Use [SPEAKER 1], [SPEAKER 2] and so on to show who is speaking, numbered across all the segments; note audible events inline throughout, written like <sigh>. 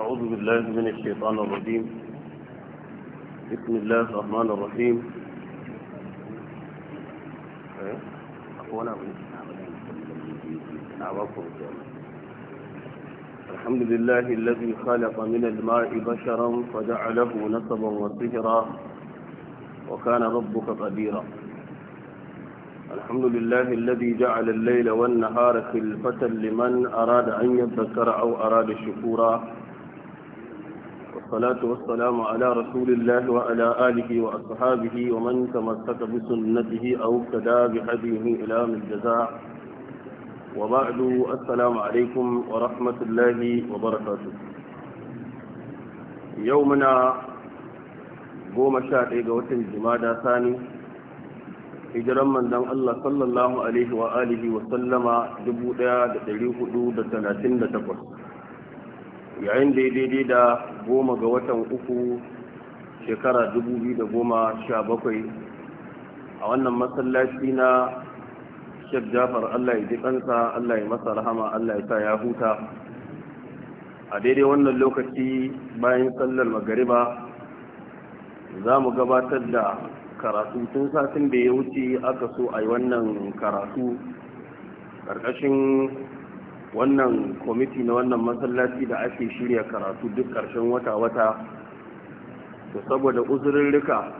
[SPEAKER 1] أعوذ بالله من الشيطان الرجيم بسم الله الرحمن الرحيم الحمد لله الذي خلق من الماء بشرا فجعله نسبا وصهرا وكان ربك قديرا الحمد لله الذي جعل الليل والنهار خلفة لمن أراد أن يذكر أو أراد شكورا والصلاة والسلام على رسول الله وعلى آله وأصحابه ومن تمسك بسنته أو ابتدى بهديه إلى من الجزاء وبعد السلام عليكم ورحمة الله وبركاته يومنا قوم شاعر وتن جمادى ثاني hijiran manzon Allah sallallahu alaihi wa alihi wa sallama 1438 yayin yin daidai da goma ga watan uku shekara dubu da goma sha bakwai a wannan masallaci na shek jafar allah ya ji kansa allah ya masa rahama allah ya sa ya huta a daidai wannan lokaci bayan sallar magariba za mu gabatar da karatu tun satin da ya wuce aka so a yi wannan karatu ƙarƙashin wannan kwamiti na wannan masallaci da ake shirya karatu duk ƙarshen wata-wata da saboda uzurirrika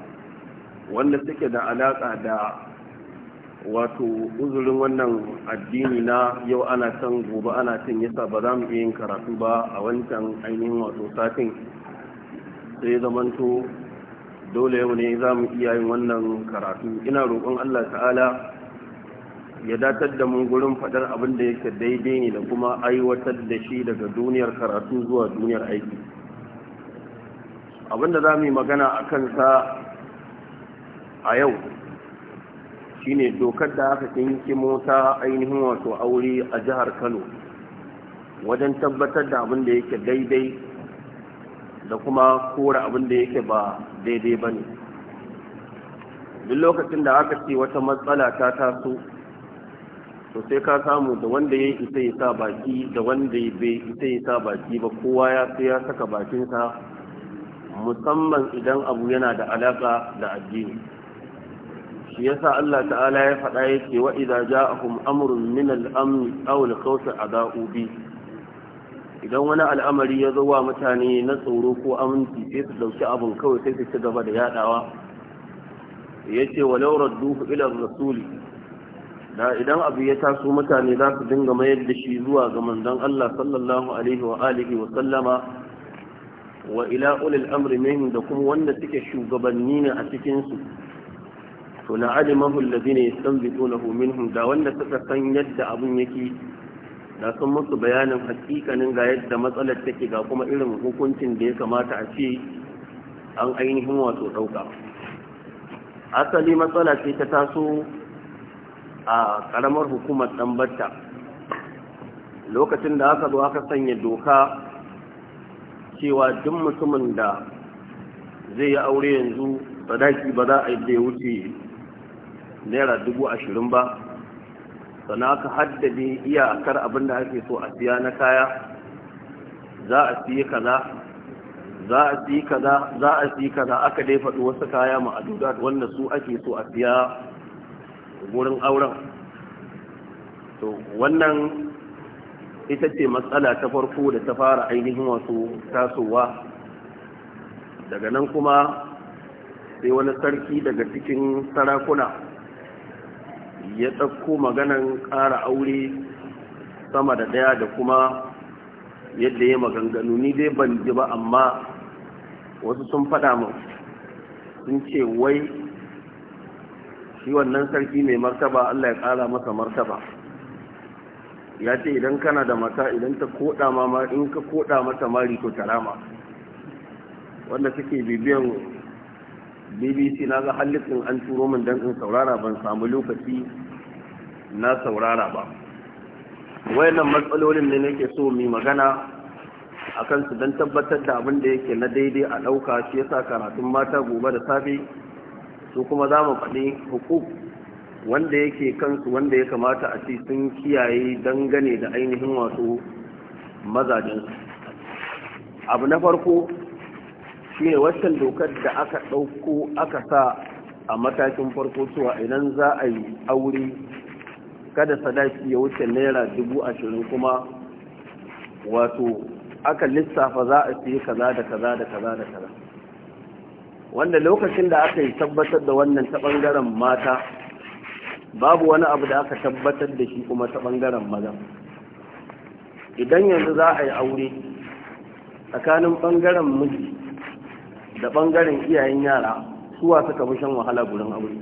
[SPEAKER 1] wanda suke da alaƙa da wato uzurin wannan addini na yau ana can gobe ana can yasa ba za mu iya yin karatu ba a wancan ainihin wato satin sai zamanto dole yau ne za mu iya yin wannan karatu ina roƙon allah ta'ala ya datar da mu gurin faɗar abin da yake daidai ne da kuma aiwatar da shi daga duniyar karatu zuwa duniyar aiki abin da za mu yi magana a kansa a yau shine dokar da aka kinki mota ainihin wato aure a jihar kano wajen tabbatar da abin da yake daidai da kuma kora abin da yake ba daidai ba ne duk lokacin da aka ce wata matsala ta taso to sai ka samu da wanda ya isa ya sa baki da wanda ya bai isa ya sa baki ba kowa ya sai ya saka bakinsa musamman idan abu yana da alaka da addini shi yasa Allah ta'ala ya faɗa yake wa idza ja'ahum amrun min al-amn aw al-khawf adau bi idan wani al'amari ya zo wa mutane na tsoro ko aminci sai su dauki abun kawai sai su ci gaba da yadawa yace walau radduhu ila rasuli da idan abu ya taso mutane za su dinga mayar da shi zuwa ga manzon Allah sallallahu alaihi wa alihi wa sallama wa ila ulil amri min da kuma wanda suke shugabanni ne a cikin su to la alimahu alladhina yastanbitunahu minhum da wanda suka san yadda abun yake da sun musu bayanin hakikanin ga yadda matsalar take ga kuma irin hukuncin da ya kamata a ce an ainihin wato dauka asali matsala ce ta taso a karamar hukumar ɗanbarta lokacin da aka zo aka sanya doka cewa duk mutumin da zai yi aure yanzu sadaki ba za a yi da ya wuce naira dubu ashirin ba sana aka haddade iyakar abin da ake so a siya na kaya za a siya kaza za a siya kaza za a siya kaza aka dai faɗi wasu kaya ma'adudar wanda su ake so a siya wurin auren to wannan ita ce matsala ta farko da ta fara ainihin wasu tasowa daga nan kuma sai wani sarki daga cikin sarakuna ya tsakko maganan ƙara aure sama da ɗaya da kuma yadda ya maganganu ni dai ban ji ba amma wasu sun faɗa mu sun ce wai shi wannan sarki mai martaba Allah ya kara masa martaba ya ce idan kana da mata idan ta koda ma in ka koda mata mari to tarama wanda suke bibiyan bbc na ga halittin an turo min dan in saurara ban samu lokaci na saurara ba wayannan matsalolin ne nake so mu magana akan su don tabbatar da abin da yake na daidai a ɗauka shi yasa karatun mata gobe da safe su kuma za mu faɗi hukuk wanda yake kansu wanda ya kamata a ce sun kiyaye dangane da ainihin wasu mazajensu abu na farko shine waccan dokar da aka ɗauko aka sa a matakin farko cewa idan za a yi aure kada sadaki ya wuce naira dubu ashirin kuma wato aka lissafa za a siye kaza da kaza da kaza da kaza wanda lokacin da aka yi tabbatar da wannan ta ɓangaren mata babu wani abu da aka tabbatar da shi kuma ta ɓangaren maza idan yanzu za a yi aure tsakanin ɓangaren miji da ɓangaren iyayen yara suwa suka fi shan wahala gudun aure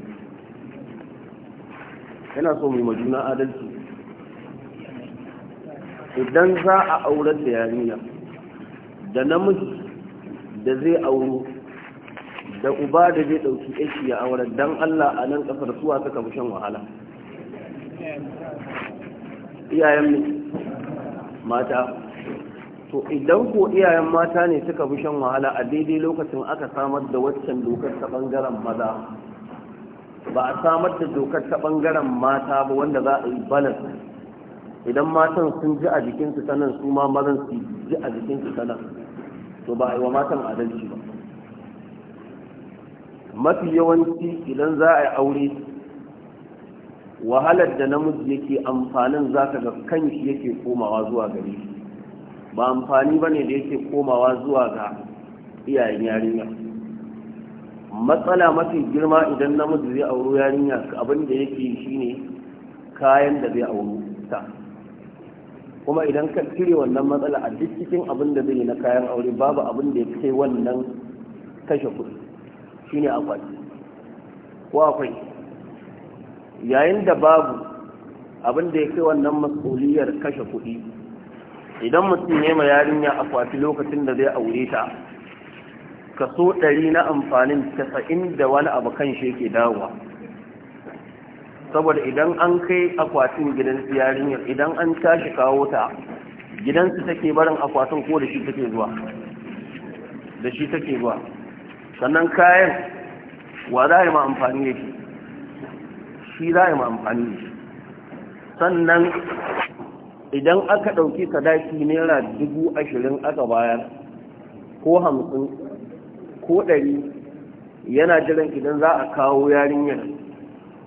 [SPEAKER 1] yana so mai majuna adalci idan za a aurar da yarinya da namiji da zai auro da uba da zai ɗauki aiki ya auren dan Allah a nan kafar suwa suka fi shan wahala iyayen mata to idan ko iyayen mata ne suka fi shan wahala a daidai lokacin aka samar da waccan dokar ta ɓangaren maza ba a samar da dokar ta ɓangaren mata ba wanda za a yi balas idan matan sun ji a jikinsu sanan su ma mazan su ji a jikinsu sanan to ba a yi wa matan adalci ba mafi yawanci idan za a yi aure wahalar da namiji yake amfanin za ka ga kanshi yake komawa zuwa gare ba amfani ba ne da yake komawa zuwa ga iyayen yarinya matsala mafi girma idan namiji zai auro yarinya abin da yake shine kayan da zai auro ta kuma idan ka cire wannan matsala a duk cikin abin da zai na kayan aure babu abin da ya kai wannan kashe kuɗi shine akwai ko akwai yayin da babu abin da ya kai wannan mas'uliyar kashe kuɗi idan mutum ne ma yarinya akwati lokacin da zai aure ta kaso ɗari na amfanin tasa'in da wani abu kan shi yake dawowa saboda idan an kai akwatin gidan yarinyar idan an tashi kawo ta gidansu take barin akwatin ko da shi take zuwa da shi take zuwa sannan kayan wa za a yi ma amfani da shi shi za a yi ma amfani da shi sannan idan aka ɗauki sadaki naira dubu ashirin aka bayar ko hamsin ko ɗari yana jiran idan za a kawo yarinyar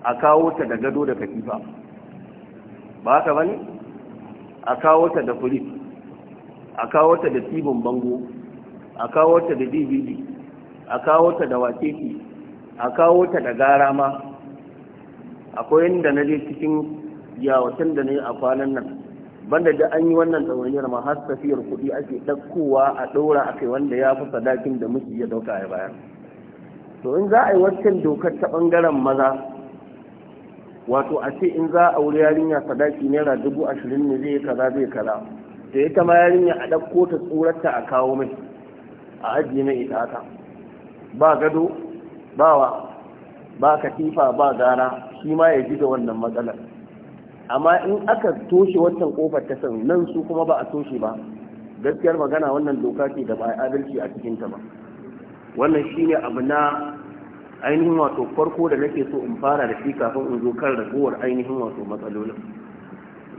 [SPEAKER 1] a kawo ta da gado da katifa ba ka bane a kawo ta da kulit a kawo ta da tibin bango a kawo ta da dvd a kawo ta da wakeki a kawo ta da gara ma akwai inda na je cikin yawacin da ne a kwanan nan banda da an yi wannan tsawonin ma har tafiyar kuɗi ake ɗaukowa a ɗora a kai wanda ya fi sadakin da musu ya ɗauka ya bayar to in za a yi wancan dokar ta ɓangaren maza wato a ce in za a wuri yarinya sadaki naira dubu ashirin ne zai kaza zai kaza da ita ma yarinya a ɗauko ta tsorata a kawo mai a ajiye mai ita haka ba gado bawa ba katifa ba gara shi ma ya ji da wannan matsalar amma in aka toshe wancan kofar ta san nan su kuma ba a toshe ba gaskiyar magana wannan doka ce da ba a adalci a cikin ta ba wannan shi ne abu na ainihin wato farko da nake so in fara da shi kafin in zo kan ragowar ainihin wato matsalolin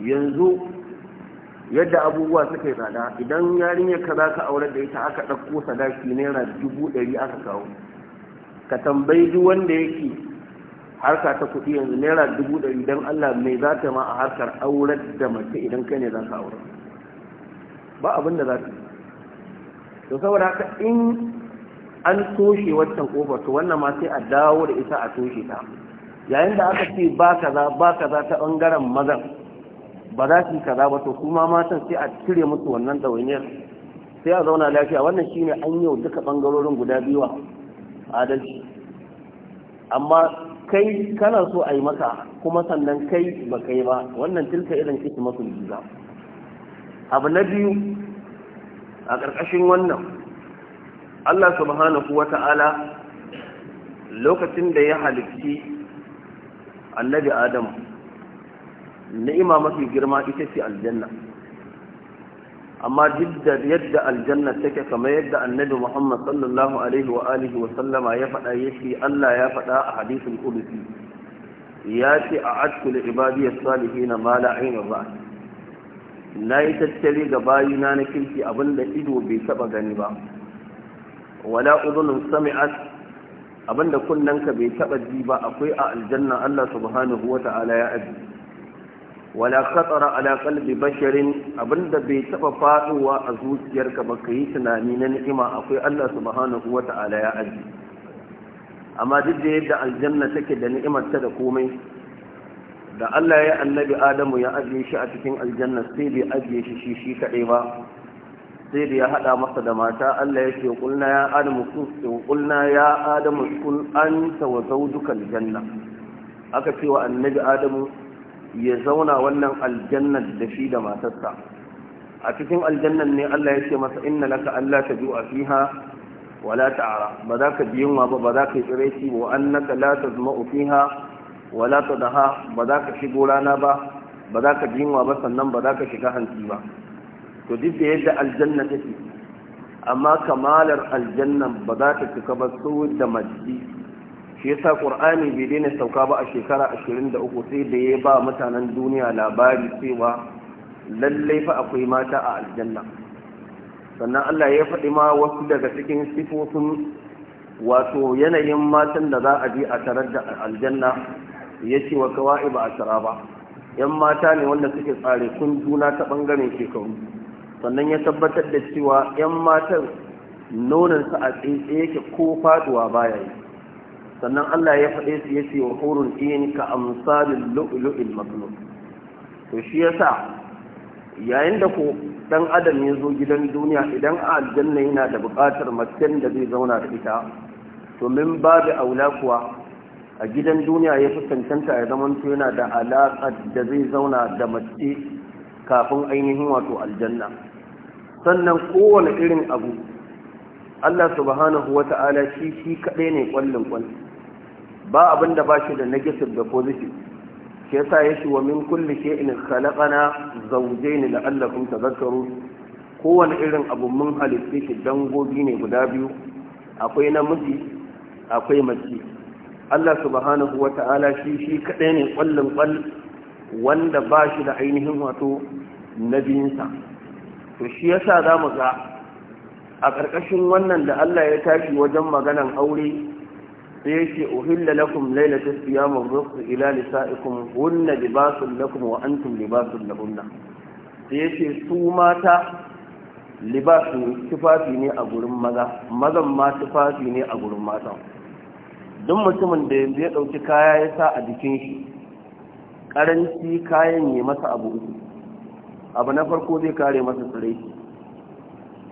[SPEAKER 1] yanzu yadda abubuwa suka yi tsada idan yarinya ka za ka aure da ita aka ɗauko sadaki naira dubu ɗari aka kawo ka tambayi duk wanda yake harka ta kuɗi yanzu naira dubu ɗari don allah mai za ta ma a harkar aure da mace idan kai ne za ka aure ba abin da za ta yi to saboda haka in an toshe wancan kofar to wannan ma sai a dawo da ita a toshe ta yayin da aka ce ba kaza ba kaza ta ɓangaren mazan ba za su yi kaza ba to kuma matan sai a cire musu wannan ɗawainiyar sai a zauna lafiya wannan shine an yau duka ɓangarorin guda biyu adalci amma kai kana so a yi maka kuma sannan kai ba kai ba wannan tilka irin kiki masu jiza abu na biyu a ƙarƙashin wannan Allah subhanahu wa ta'ala lokacin da ya halicci annabi Adamu ni'ima mafi girma ita ce aljanna amma duk da yadda aljanna take kamar yadda annabi muhammad sallallahu alaihi wa alihi wa sallama ya faɗa yake allah ya faɗa a hadisin kudusi ya ce a atkul ibadiyar salihina ma la ainihin ba. na yi tattali ga bayina na kirki abinda ido bai taɓa gani ba wala udhunun sami'at abinda kunnanka bai taba ji ba akwai a aljanna Allah subhanahu wata'ala ya aji wala khatara ala qalbi basharin abinda bai taba faduwa a zuciyarka ba kai tunani na ni'ima akwai Allah subhanahu wata'ala ya aji amma duk da yadda aljanna take da ni'imar ta da komai da Allah ya annabi Adamu ya ajiye shi a cikin aljanna sai bai ajiye shi shi shi kadai ba sai da ya hada masa da mata Allah ya ce kulna ya Adamu kun kulna ya Adamu kun anta wa zawjuka aljanna aka ce wa annabi Adamu ya zauna wannan aljannar da shi da matarsa a cikin aljannan ne Allah ya ce masa inna laka Allah ta ju'a fiha wala ta'ara ba za ka ji yunwa ba ba za ka yi shi. wa annaka la tazma'u fiha wala tadaha ba za ka shigo rana ba ba za ka ji yunwa ba sannan ba za ka shiga hanci ba to duk da yadda aljanna take amma kamalar aljannan ba za ta cika ba su da majdi shi yasa qur'ani bai daina sauka ba a shekara 23 sai da ya ba mutanen duniya labari cewa lallai fa akwai mata a aljanna sannan Allah ya faɗi ma wasu daga cikin sifofin wato yanayin matan da za a je a tarar da aljanna ya ce wa kawai ba a tara ba yan mata ne wanda suke tsare kun juna ta bangaren shekaru sannan ya tabbatar da cewa yan matan nonansa a tsaye yake ko faduwa baya yi sannan Allah ya faɗe su ce wa hurul in ka amsalil lu'lu'il maslo to shi sa, yayin da ko ɗan adam ya zo gidan duniya idan a aljanna yana da buƙatar macen da zai zauna da ita to min babu aula kuwa a gidan duniya ya fi cancanta ya zama to yana da alaƙa da zai zauna da mace kafin ainihin wato aljanna sannan kowane irin abu Allah subhanahu wa ta'ala shi shi kaɗai ne ƙwallon ƙwallon ba abin da ba shi da negative da positive ke sa ya shi wa min kulli shay'in khalaqana zawjayn la'allakum tadhakkarun kowane irin abu mun halitta shi dangogi ne guda biyu akwai namiji akwai mace Allah subhanahu wa ta'ala shi shi kadai ne kwallon kwal wanda ba shi da ainihin wato nabiyinsa to shi yasa za mu ga a ƙarƙashin wannan da Allah ya tashi wajen maganan aure sai yake uhilla lakum lailatul siyam ar-rufs ila lisa'ikum hunna libasun lakum wa antum libasun lahunna sai yake su mata libasun tufafi ne a gurin maza mazan ma tufafi ne a gurin mata duk mutumin da yanzu ya dauki kaya ya sa a jikin shi karanci kayan ne masa abu uku abu na farko zai kare masa tsare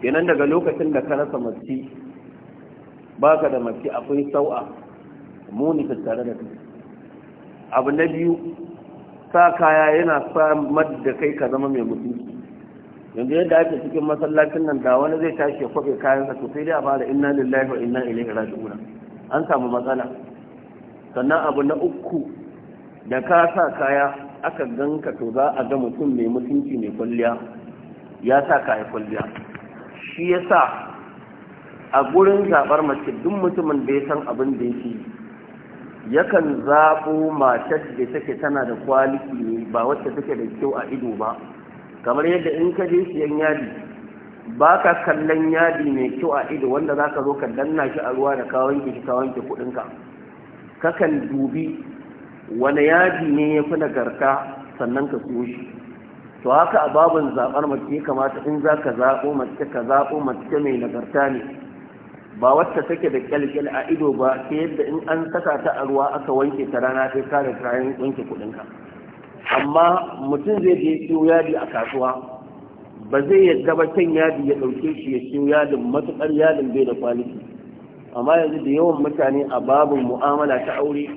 [SPEAKER 1] kenan daga lokacin da ka rasa mace baka da mace akwai sau'a muni ta tare da kai abu na biyu sa kaya yana samar da kai ka zama mai mutu yanzu yadda ake cikin masallacin nan da wani zai tashi ya kwabe kayansa sa sai dai a fara inna lillahi wa inna ilaihi raji'un an samu matsala sannan abu na uku da ka sa kaya aka ganka to za a ga mutum mai mutunci mai kwalliya ya sa kaya kwalliya shi ya sa a gurin zaɓar mace duk mutumin da ya san abin da yake yakan zaɓo matar da take tana da kwaliki ne ba wacce take da kyau a ido ba kamar yadda in ka je siyan yadi ba ka kallon yadi mai kyau a ido wanda za ka zo ka danna shi a ruwa da ka wanke shi ka wanke kuɗinka kakan dubi wani yadi ne ya fi nagarta sannan ka siyo shi to haka a babin zaɓar mace ya kamata in za ka zaɓo mace ka zaɓo mace mai nagarta ne ba wacce take da kyalkyal a ido ba ta yadda in an saka ta a ruwa aka wanke ta rana sai ka da kayan wanke kuɗinka amma mutum zai je siyo yadi a kasuwa ba zai yadda ba can yadi ya dauke shi ya siyo yadin matuƙar yadin bai da kwaliki amma yanzu da yawan mutane a babin mu'amala ta aure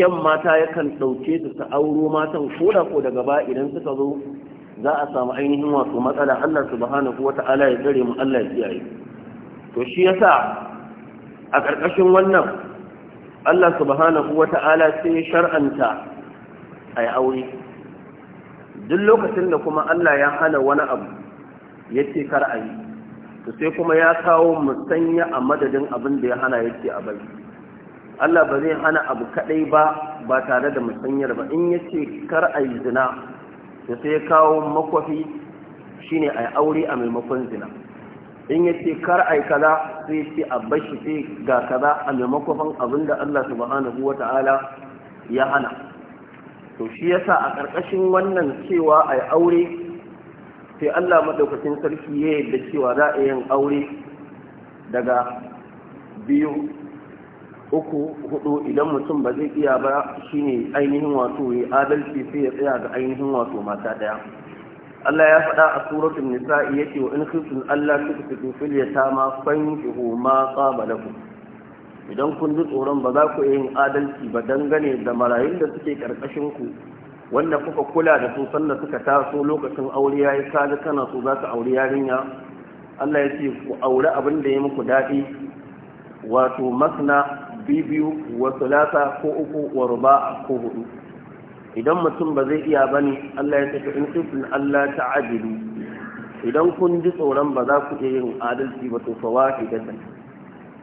[SPEAKER 1] kyan mata yakan ɗauke su ta auro matan koda ko da gaba idan suka zo za a samu ainihin wasu matsala Allah subhanahu wa ta'ala ya tsare mu Allah ya kiyaye to shi yasa a ƙarƙashin wannan Allah subhanahu wata'ala sai ya shar'anta a yi aure duk lokacin da kuma Allah ya hana wani abu ya ce kar a yi to sai kuma ya kawo musanya a madadin abin da ya hana ya ce a bai Allah ba zai hana abu kaɗai ba ba tare da musanyar ba in ya ce kar a yi zina to sai ya kawo makwafi shine a yi aure a maimakon zina in ya ce kar ai kaza sai ce a bashi sai ga kaza a maimakon abin da Allah subhanahu wa ta'ala ya hana to shi yasa a ƙarƙashin wannan cewa ai aure sai Allah madaukakin sarki ya yadda cewa za a yin aure daga biyu uku hudu idan mutum ba zai iya ba shine ainihin wato ya adalci sai ya tsaya ga ainihin wato mata ɗaya. Allah ya faɗa a suratul nisa'i yake wa in khiftum alla tufsidu fil yatama fankihu ma qaba lakum idan kun ji tsoron ba za ku yin adalci ba dangane da marayun da suke karkashin ku wanda kuka kula da su sannan suka taso lokacin aure yayi kaji kana so za ka aure yarinya Allah ya ce ku aure abin da ya muku daɗi wato masna bibiyu wa thulatha ko uku wa ruba ko hudu idan mutum ba zai iya bane Allah ya tafi in kifin Allah ta'adilu idan kun ji tsoron ba za ku iya yin adalci ba to fa ta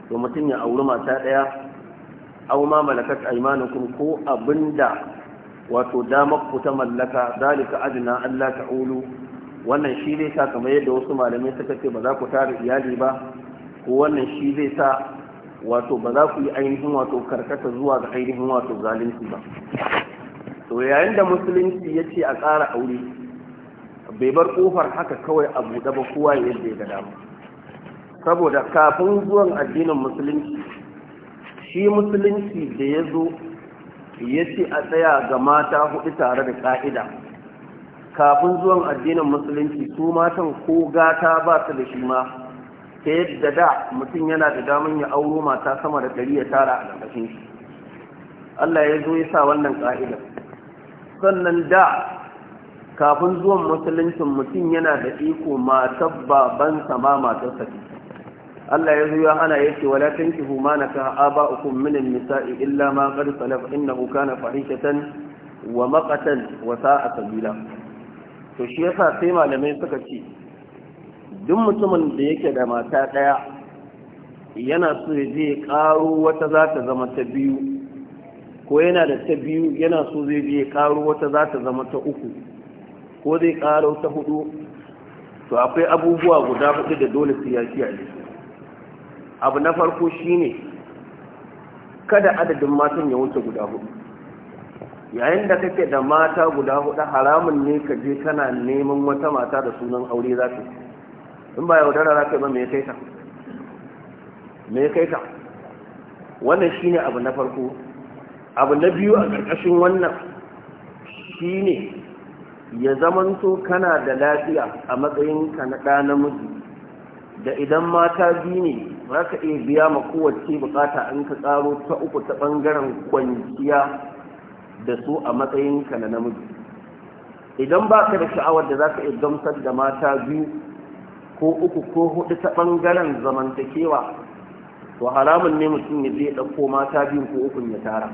[SPEAKER 1] to mutum ya auri mata daya aw ma malakat aymanukum ko abinda wato damar ku ta mallaka zalika adna Allah ta'ulu wannan shi zai sa kamar yadda wasu malamai suka ce ba za ku tara iyali ba ko wannan shi zai sa wato ba za ku yi ainihin wato karkata zuwa ga ainihin wato zalunci ba to yayin da musulunci ya ce a ƙara aure bai bar ƙofar haka kawai a buɗe ba kowa yadda ya ga dama saboda kafin zuwan addinin musulunci shi musulunci da ya zo ya ce a tsaya ga mata hudu tare da ƙa'ida kafin zuwan addinin musulunci su matan ko gata ba su da shi ma ta yadda da mutum yana da damar ya auro mata sama da ɗari ya tara a ƙarƙashin shi Allah ya zo ya sa wannan ƙa'idar sannan da kafin zuwan musuluncin mutum yana da iko matar sama ma matar Allah ya zo ya hana yake wala tankihu ma ka aba'ukum uku, minin nisai illa ma qad salaf innahu kana fahishatan wa maqatan wa a sabila to shi yasa sai malamai suka ce duk mutumin da yake da mata ɗaya yana so ya je karo wata za ta zama ta biyu ko yana da ta biyu yana so zai biye karo wata za ta zama ta uku ko zai karo ta hudu to akwai abubuwa guda hudu da dole su yaki a abu na farko shine kada adadin matan ya wuce guda hudu yayin da kake da mata guda hudu haramun ne ka je kana neman wata mata da sunan aure za ta in ba yaudara za ka ba me kai ta me kai ta wannan shine abu na farko abu na biyu a ƙarƙashin wannan shi ne ya zamanto kana da lafiya a matsayinka na ɗa namiji da idan mata biyu ne za ka iya biya ma kowace bukata an ka tsaro ta uku ta ɓangaren kwanciya da su a matsayinka na namiji idan ba ka da sha'awar da za ka iya gamsar da mata biyu ko uku ko hudu ta ɓangaren zamantakewa to haramun ne mutum ya zai ɗauko mata biyu ko ukun ya tara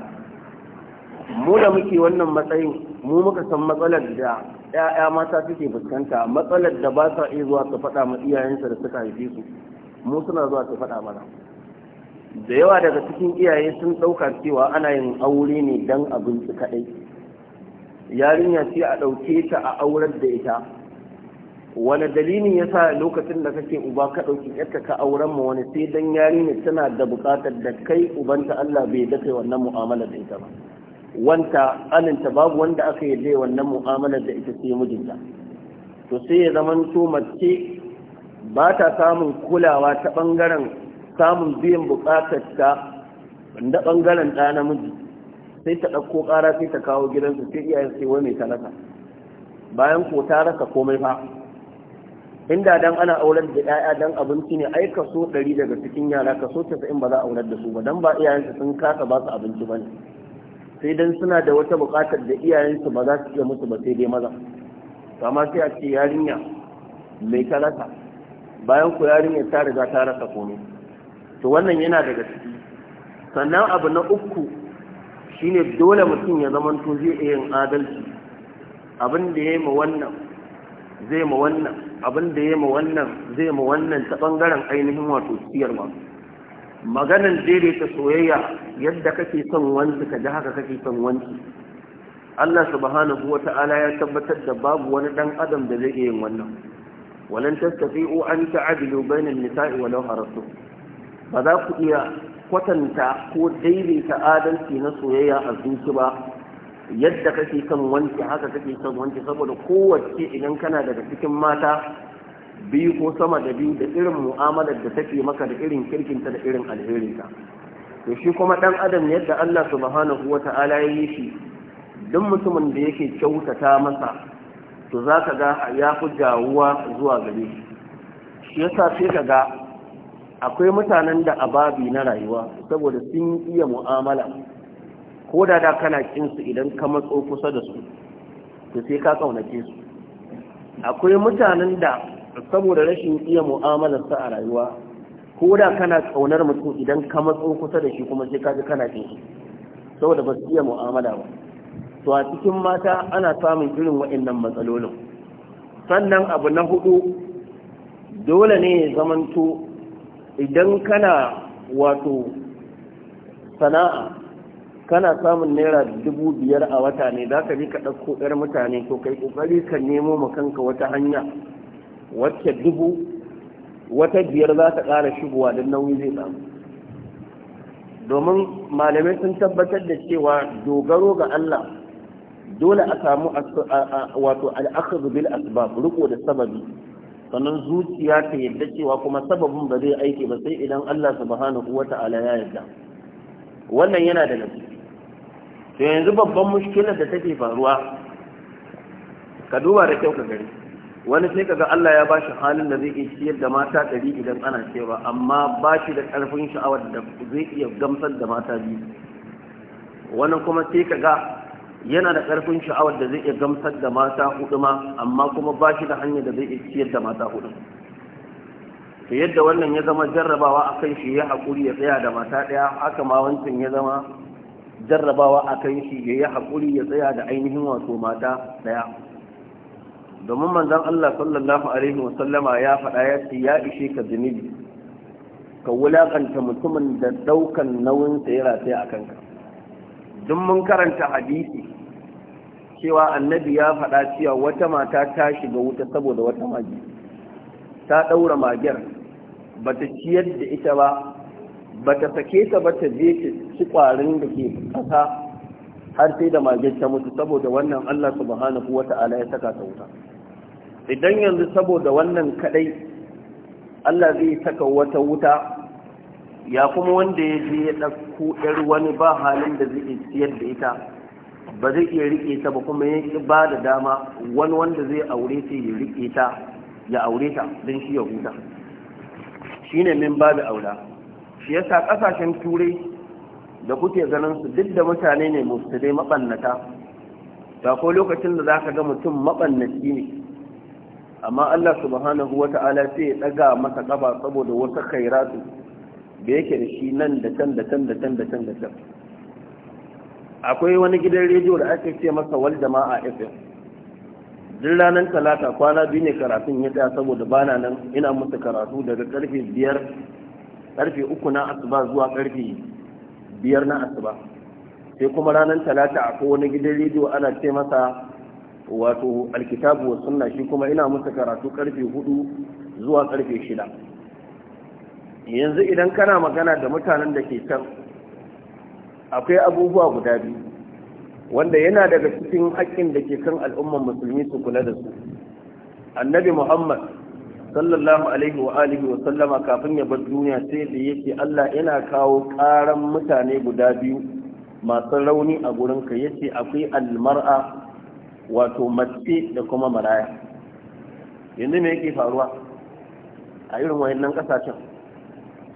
[SPEAKER 1] mu da muke wannan matsayin mu muka san matsalar da ‘ya'ya mata suke fuskanta matsalar da ba sa iya zuwa su faɗa ma iyayensa da suka haife su mu suna zuwa su faɗa mana da yawa daga cikin iyaye sun ɗauka cewa ana yin aure ne don abinci kaɗai yarinya ce a ɗauke ta a aurar da ita wani dalili ya sa lokacin da kake uba ka ɗauki yarka ka auren mu wani sai don yarinya tana da buƙatar da kai ubanta Allah bai da kai wannan mu'amala da ita ba wanta aninta babu wanda aka yi wannan mu'amalar da ita sai mijinta to sai ya zama to mace ba ta samun kulawa ta bangaren samun biyan bukatar ta da bangaren ɗa namiji sai ta ɗauko ƙara sai ta kawo gidansu sai iyayen sai wai mai talaka bayan ko ta raka komai fa inda dan ana aurar da 'ya'ya dan abinci ne ai kaso ɗari daga cikin yara kaso casa'in ba za a aurar da su ba dan ba iyayensu sun kasa ba su abinci ba ne sai dan suna da wata buƙatar da iyayensu ba za su iya musu ba sai dai maza amma sai a ce yarinya mai talaka bayan ku yarinya ta riga ta rasa komai to wannan yana daga ciki sannan abu na uku shine dole mutum ya zamanto zai iya yin adalci abin da ya yi ma wannan zai ma wannan abin da ya ma wannan zai ma wannan ta bangaren ainihin wato siyarwa Maganar daidaita soyayya yadda kake son wanci ka ji haka kake son wanci Allah subhanahu wa ta'ala ya tabbatar da babu wani dan adam da zai iya yin wannan walan tastati'u an ta'dilu bainan nisa'i walau harastu ba za ku iya kwatanta ko daidaita adalci na soyayya a zuci ba yadda kake son wanki, haka kake son wanki saboda kowace idan kana daga cikin mata biyu ko sama da biyu da irin mu'amalar da take maka da irin kirkinta da irin alherinta to shi kuma dan adam yadda Allah subhanahu wata'ala ya yi shi duk mutumin da yake kyautata masa to za ka ga ya fi gawuwa zuwa gare shi shi yasa sai ka ga akwai mutanen da ababi na rayuwa saboda sun iya mu'amala ko da da kana kin su idan ka matso kusa da su to sai ka kaunace su akwai mutanen da saboda rashin iya mu'amalar sa a rayuwa ko da kana kaunar mutum idan ka matso kusa da shi kuma sai ka ji kana kin saboda ba su iya mu'amala ba to a cikin mata ana samun irin waɗannan matsalolin sannan abu na hudu dole ne ya zamanto idan kana wato sana'a kana samun naira dubu biyar a wata ne za ka je ka ɗauko ɗar mutane to kai ƙoƙari ka nemo ma kanka wata hanya wacce dubu wata biyar za ta ƙara shigowa don nauyi zai samu domin malamai sun tabbatar da cewa dogaro ga Allah dole a samu wato al'akhadhu bil asbab riko da sababi sannan zuciya ta yadda cewa kuma sababin ba zai aiki ba sai idan Allah subhanahu wata'ala ya yarda wannan yana da nasu to yanzu babban mushkilar da take faruwa ka duba da kyau ka gari wani sai kaga Allah ya bashi halin da zai iya ciyar da mata ɗari idan ana cewa amma ba shi da ƙarfin sha'awar da zai iya gamsar da mata biyu wani kuma sai kaga yana da ƙarfin sha'awar da zai iya gamsar da mata hudu ma amma kuma ba shi da hanyar da zai iya ciyar da mata hudu to yadda wannan ya zama jarrabawa a kan shi ya haƙuri ya tsaya da mata ɗaya haka ma wancan ya zama jarrabawa a kan shi ya yi haƙuri ya tsaya da ainihin wato mata ɗaya domin manzon Allah sallallahu alaihi wasallama ya faɗa ya ce ya ishe ka zunubi ka wulaƙanta mutumin da ɗaukan nauyin ya rataya a kanka duk mun karanta hadisi cewa annabi ya faɗa cewa wata mata ta shiga wuta saboda wata magi ta ɗaura magiyar bata ciyar da ita ba bata sake ta ba ta je ta ci ƙwarin da ke ƙasa har sai da magiyar ta mutu saboda wannan allah subhanahu wata'ala ya saka ta wuta idan yanzu saboda wannan kadai Allah zai saka wata wuta ya kuma wanda ya je ya ɗauko ɗar wani ba halin da zai siyar da ita ba zai iya riƙe ta ba kuma ya ba da dama wani wanda zai aure ta ya riƙe ta ya aure ta don shi ya huta shi ne min ba da aura shi yasa ƙasashen turai da kuke ganin su duk da mutane ne musulai maɓannata ba ko lokacin da za ka ga mutum maɓannaci ne amma Allah subhanahu wata'ala sai ya daga masa kafa saboda wasu khairatu da yake da shi nan da can da can da can da can da can akwai wani gidan rediyo da ake ce masa wal jama'a FM duk ranar talata kwana biyu ne karatun ya tsaya saboda bana nan ina musu karatu daga karfe biyar karfe uku na asuba zuwa karfe biyar na asuba sai kuma ranar talata akwai wani gidan rediyo ana ce masa wato alkitabu wa sunna shi kuma ina musu karatu karfe hudu zuwa karfe shida yanzu idan kana magana da mutanen da ke can akwai abubuwa guda biyu wanda yana daga cikin haƙƙin da ke kan al'ummar musulmi su kula da su annabi muhammad sallallahu alaihi wa alihi wa sallama kafin ya bar duniya sai da yake allah yana kawo ƙaran mutane guda biyu masu rauni a gurinka yace akwai almar'a wato mace da kuma maraya yanzu me yake faruwa a irin wayannan kasashen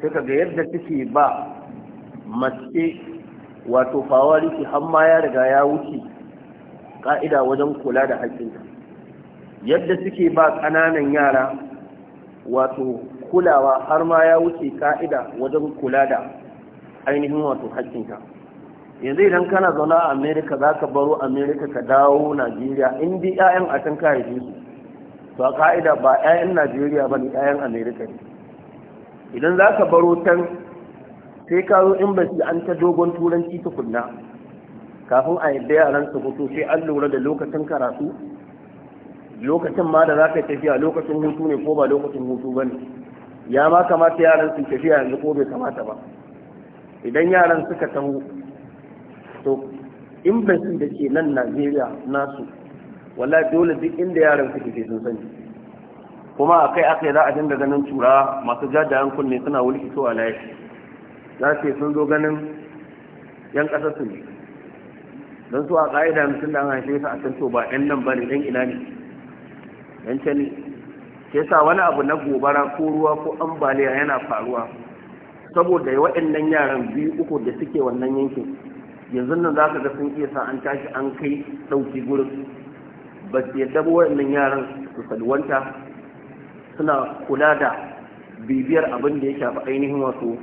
[SPEAKER 1] sai kaga yadda suke ba mace wato fawari ki hamma ya riga ya wuce ka'ida wajen kula da haƙƙinta yadda suke ba ƙananan yara wato kulawa har ma ya wuce ka'ida wajen kula da ainihin wato haƙƙinta yanzu idan kana zaune a Amerika za ka baro Amerika ka dawo najeriya indi 'ya'yan a can ka haife su to a ka'ida ba 'ya'yan najeriya ba ne 'ya'yan Amerika ne idan za ka baro can sai ka zo in basi an ta dogon turanci kunna kafin a yadda yaran su fito sai an lura da lokacin karatu lokacin ma da za ka tafiya lokacin hutu ne ko ba lokacin hutu ba ne ya ma kamata yaran su tafiya yanzu ko bai kamata ba idan yaran suka taho to embassy da ke nan Najeriya nasu wala dole duk inda yaran suke ke sun sani kuma akai yi za a dinga ganin tura masu jajayen kunne suna wulki to alai za su sun zo ganin yan kasar su ne don su a ka'ida mutum da an haife su a can ba yan nan ba ne yan ina ne yan can ke sa wani abu na gobara ko ruwa ko ambaliya yana faruwa saboda nan yaran biyu uku da suke wannan yankin yanzu nan za ka ga sun iya sa an tashi an kai ɗauki gurin ba su yadda ba waɗannan yaran su salwanta suna kula da bibiyar abin da ya shafi ainihin wasu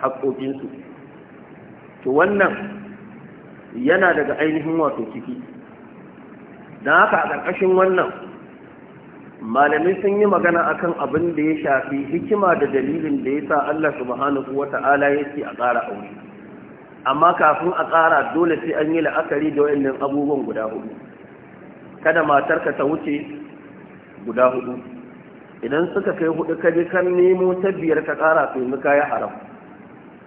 [SPEAKER 1] haƙoƙinsu to wannan yana daga ainihin wasu ciki don haka a ƙarƙashin wannan malamai sun yi magana akan abin da ya shafi hikima da dalilin da ya sa Allah subhanahu wa ta'ala ya ce a ƙara aure amma kafin a ƙara dole sai an yi la'akari da wayannan abubuwan guda hudu kada matar ka ta wuce guda hudu idan suka kai hudu kaje kan nemo ta biyar ka ƙara to yanzu yi haram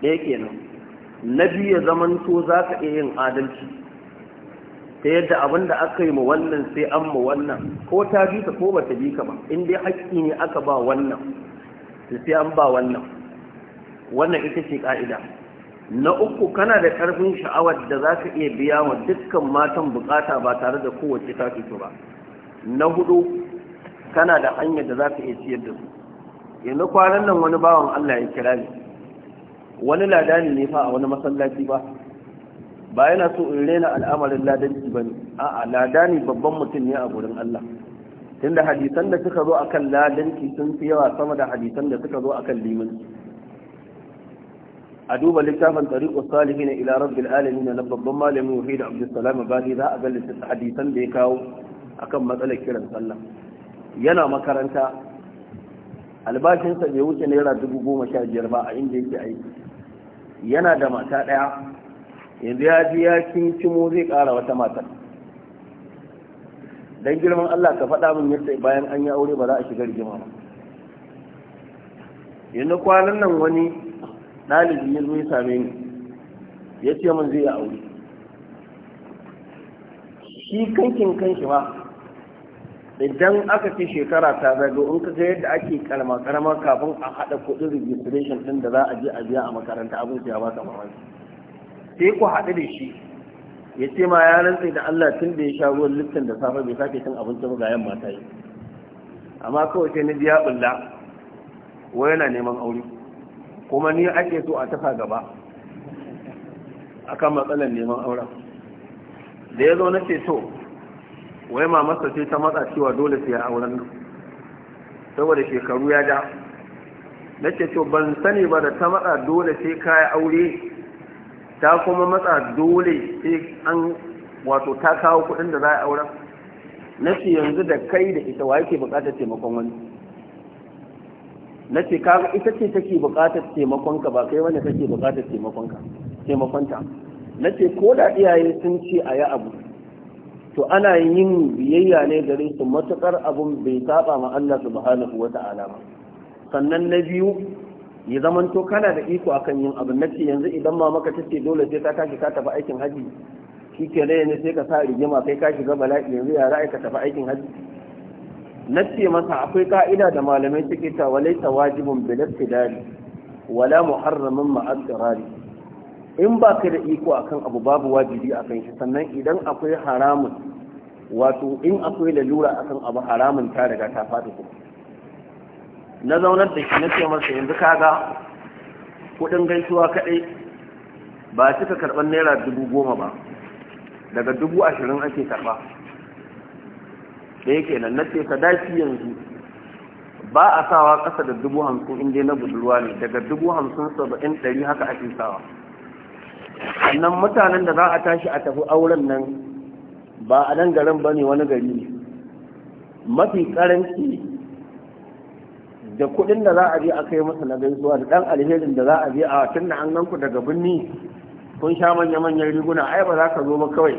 [SPEAKER 1] Ne kenan na biyu ya zamanto za ka iya yin adalci ta yadda abin da aka yi ma wannan sai an ma wannan ko ta bi ka ko ba ta bi ka ba in dai haƙƙi ne aka ba wannan sai an ba wannan wannan ita ce ƙa'ida na uku kana da ƙarfin sha'awar da za ka iya biya wa dukkan matan bukata ba tare da kowace ta fito ba na hudu kana da hanyar da za ka iya ciyar da su yanzu kwanan nan wani bawan Allah ya kira ni wani lada ne fa a wani masallaci ba ba yana so in rena al'amarin ladanci ba ne a'a ladani babban mutum ne a gurin Allah tunda hadisan da suka zo akan ladanci sun fi yawa sama da hadisan da suka zo akan limanci a duba littafin Salihi salihin ila rabbil alamin na babban malami da abdussalam bani za a ga littafin hadisan da ya kawo akan matsalar kiran sallah yana makaranta albashinsa bai wuce naira dubu goma sha biyar ba a inda yake aiki yana da mata ɗaya yanzu ya ji ya cimo zai ƙara wata matar don girman Allah ka faɗa min yadda bayan an yi aure ba za a shiga rigima ba yanzu kwanan nan wani ɗalibi ya zo ya same ni ya ce min zai aure shi kankin kanshi ba idan aka fi shekara ta zago in ka ga yadda ake kalma karama kafin a haɗa kuɗin registration ɗin da za a je a biya a makaranta abin ya ba ka mamaki sai ku haɗu da shi ya ce ma ya rantse da Allah tun da ya sha ruwan liftin da safe bai sake cin abinci ba ga yamma ta yi amma kawai sai na biya bulla wai yana neman aure kuma ni ake so a tafa gaba a kan matsalar neman auren da ya zo na ce to wai ma masa ce ta matsa cewa dole sai auren nan saboda shekaru ya ja na ce to ban sani ba da ta matsa dole sai kaya aure ta kuma matsa dole sai an wato ta kawo kuɗin da za a auren na ce yanzu da kai da ita wa yake buƙatar taimakon wani Nace, ce ita ce take buƙatar taimakonka ba kai wanda take buƙatar taimakonka taimakonta na ko da iyaye sun ce a yi abu to ana yin biyayya ne gare su matuƙar abun bai saba ma Allah subhanahu wa ta'ala ba sannan na biyu ya zamanto kana da iko akan yin abu. na ce yanzu idan ma maka tace dole sai ka tashi ka tafi aikin haji shi ke ne sai ka sa rigima kai ka shiga bala'i yanzu ya ra'ayi ka tafi aikin haji na ce masa akwai ka'ida da malamai suke ta walaita wajibin bilastidari wala muharramin ma'asirari in ba ka da iko akan abu babu wajibi akan shi sannan idan akwai haramun wato in akwai lalura akan abu haramun ta riga ta faɗi ku na zaunar da shi na ce masa yanzu kaga kuɗin gaisuwa kaɗai ba cika karɓar naira dubu goma ba daga dubu ashirin ake karɓa da yake nan na ce sadaki yanzu ba a sawa ƙasa da dubu hamsin in na budurwa ne daga dubu hamsin saba'in ɗari haka ake sawa sannan mutanen da za a tashi a tafi auren nan ba a nan garin ba ne wani gari ne mafi karanci da kuɗin da za a je a kai masa na gaisuwa da ɗan alherin da za a je a tun da an ganku daga birni kun sha manya-manyan riguna ai ba za ka zo ba kawai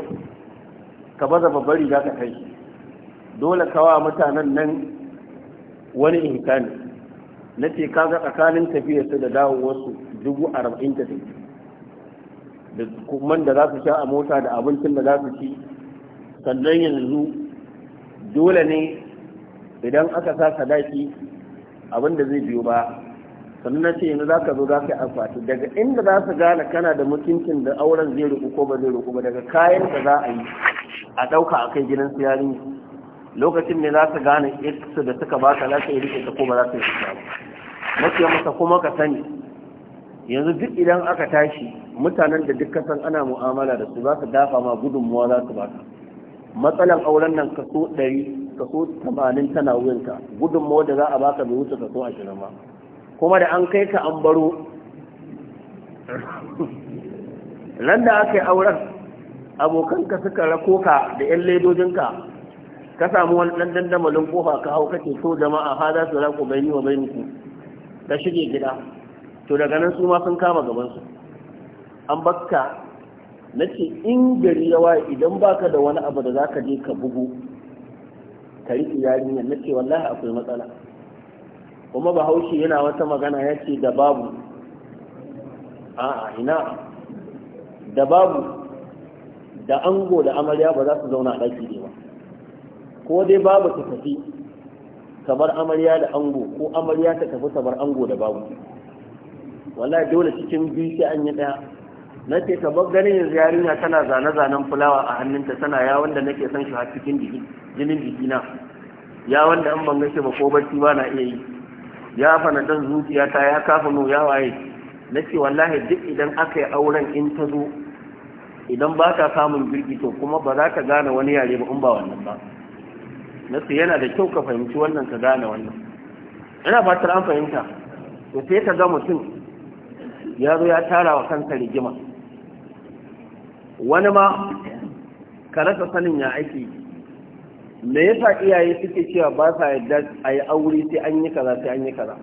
[SPEAKER 1] ka baza babbar riga ka kai dole kawa mutanen nan wani ihsani na ce kaga tsakanin su da dawowarsu dubu arba'in da da kuman da za su sha a mota da abincin da za su ci sannan yanzu dole ne idan aka sa sadaki abin da zai biyo ba sannan na ce yanzu za ka zo za ka yi amfani daga inda za su gane kana da mutuncin da auren zai ruku ko ba zai ruku ba daga kayan da za a yi a ɗauka a kai gidan su yarinya lokacin ne za su gane su da suka baka za ta yi rike ta ko ba za su yi rike ba mace masa kuma ka sani yanzu duk idan aka tashi mutanen da duk kasan ana mu'amala da su za su dafa ma gudunmuwa za su baka matsalan auren nan kaso ɗari kaso tamanin tana wuyanka gudunmuwa da za a baka bai wuce kaso ashirin ba kuma da an kai ka an baro nan <laughs> da aka yi auren abokanka suka rako ka da 'yan ledojinka ka samu wani dan dandamalin kofa ka hau kake so jama'a ha za su raku baini wa bainiku ka shige gida to daga nan su ma sun kama gabansu an bakka na ce in gari yawa idan baka da wani abu da zaka je ka bugu ka yi yarinyar na ce wallahi akwai matsala kuma bahaushe yana wata magana ya ce da babu a'a ina da babu da ango da amarya ba za su zauna a ɗaki ne ba ko dai babu ta tafi ka amarya da ango ko amarya ta tafi kamar ango da babu wallahi dole cikin biyu sai an yi daya nake ka ganin yanzu yarinya tana zane-zanen fulawa a hannunta tana yawon da nake son shi har cikin jiki jinin jikina ya da an ban gashi ba ko barci ba na iya yi ya fana dan zuciya ta ya kafa no ya waye nake wallahi duk idan aka yi auren in ta zo idan ba ka samun birki to kuma ba za ka gane wani yare ba in ba wannan ba na yana da kyau ka fahimci wannan ka gane wannan Yana fatar an fahimta da sai ka ga mutum ya zo ya tara wa kansa rigima wani ma ka rasa sanin ya aiki me yasa iyaye suke cewa ba sa yadda a yi aure sai an yi kaza sai an yi kaza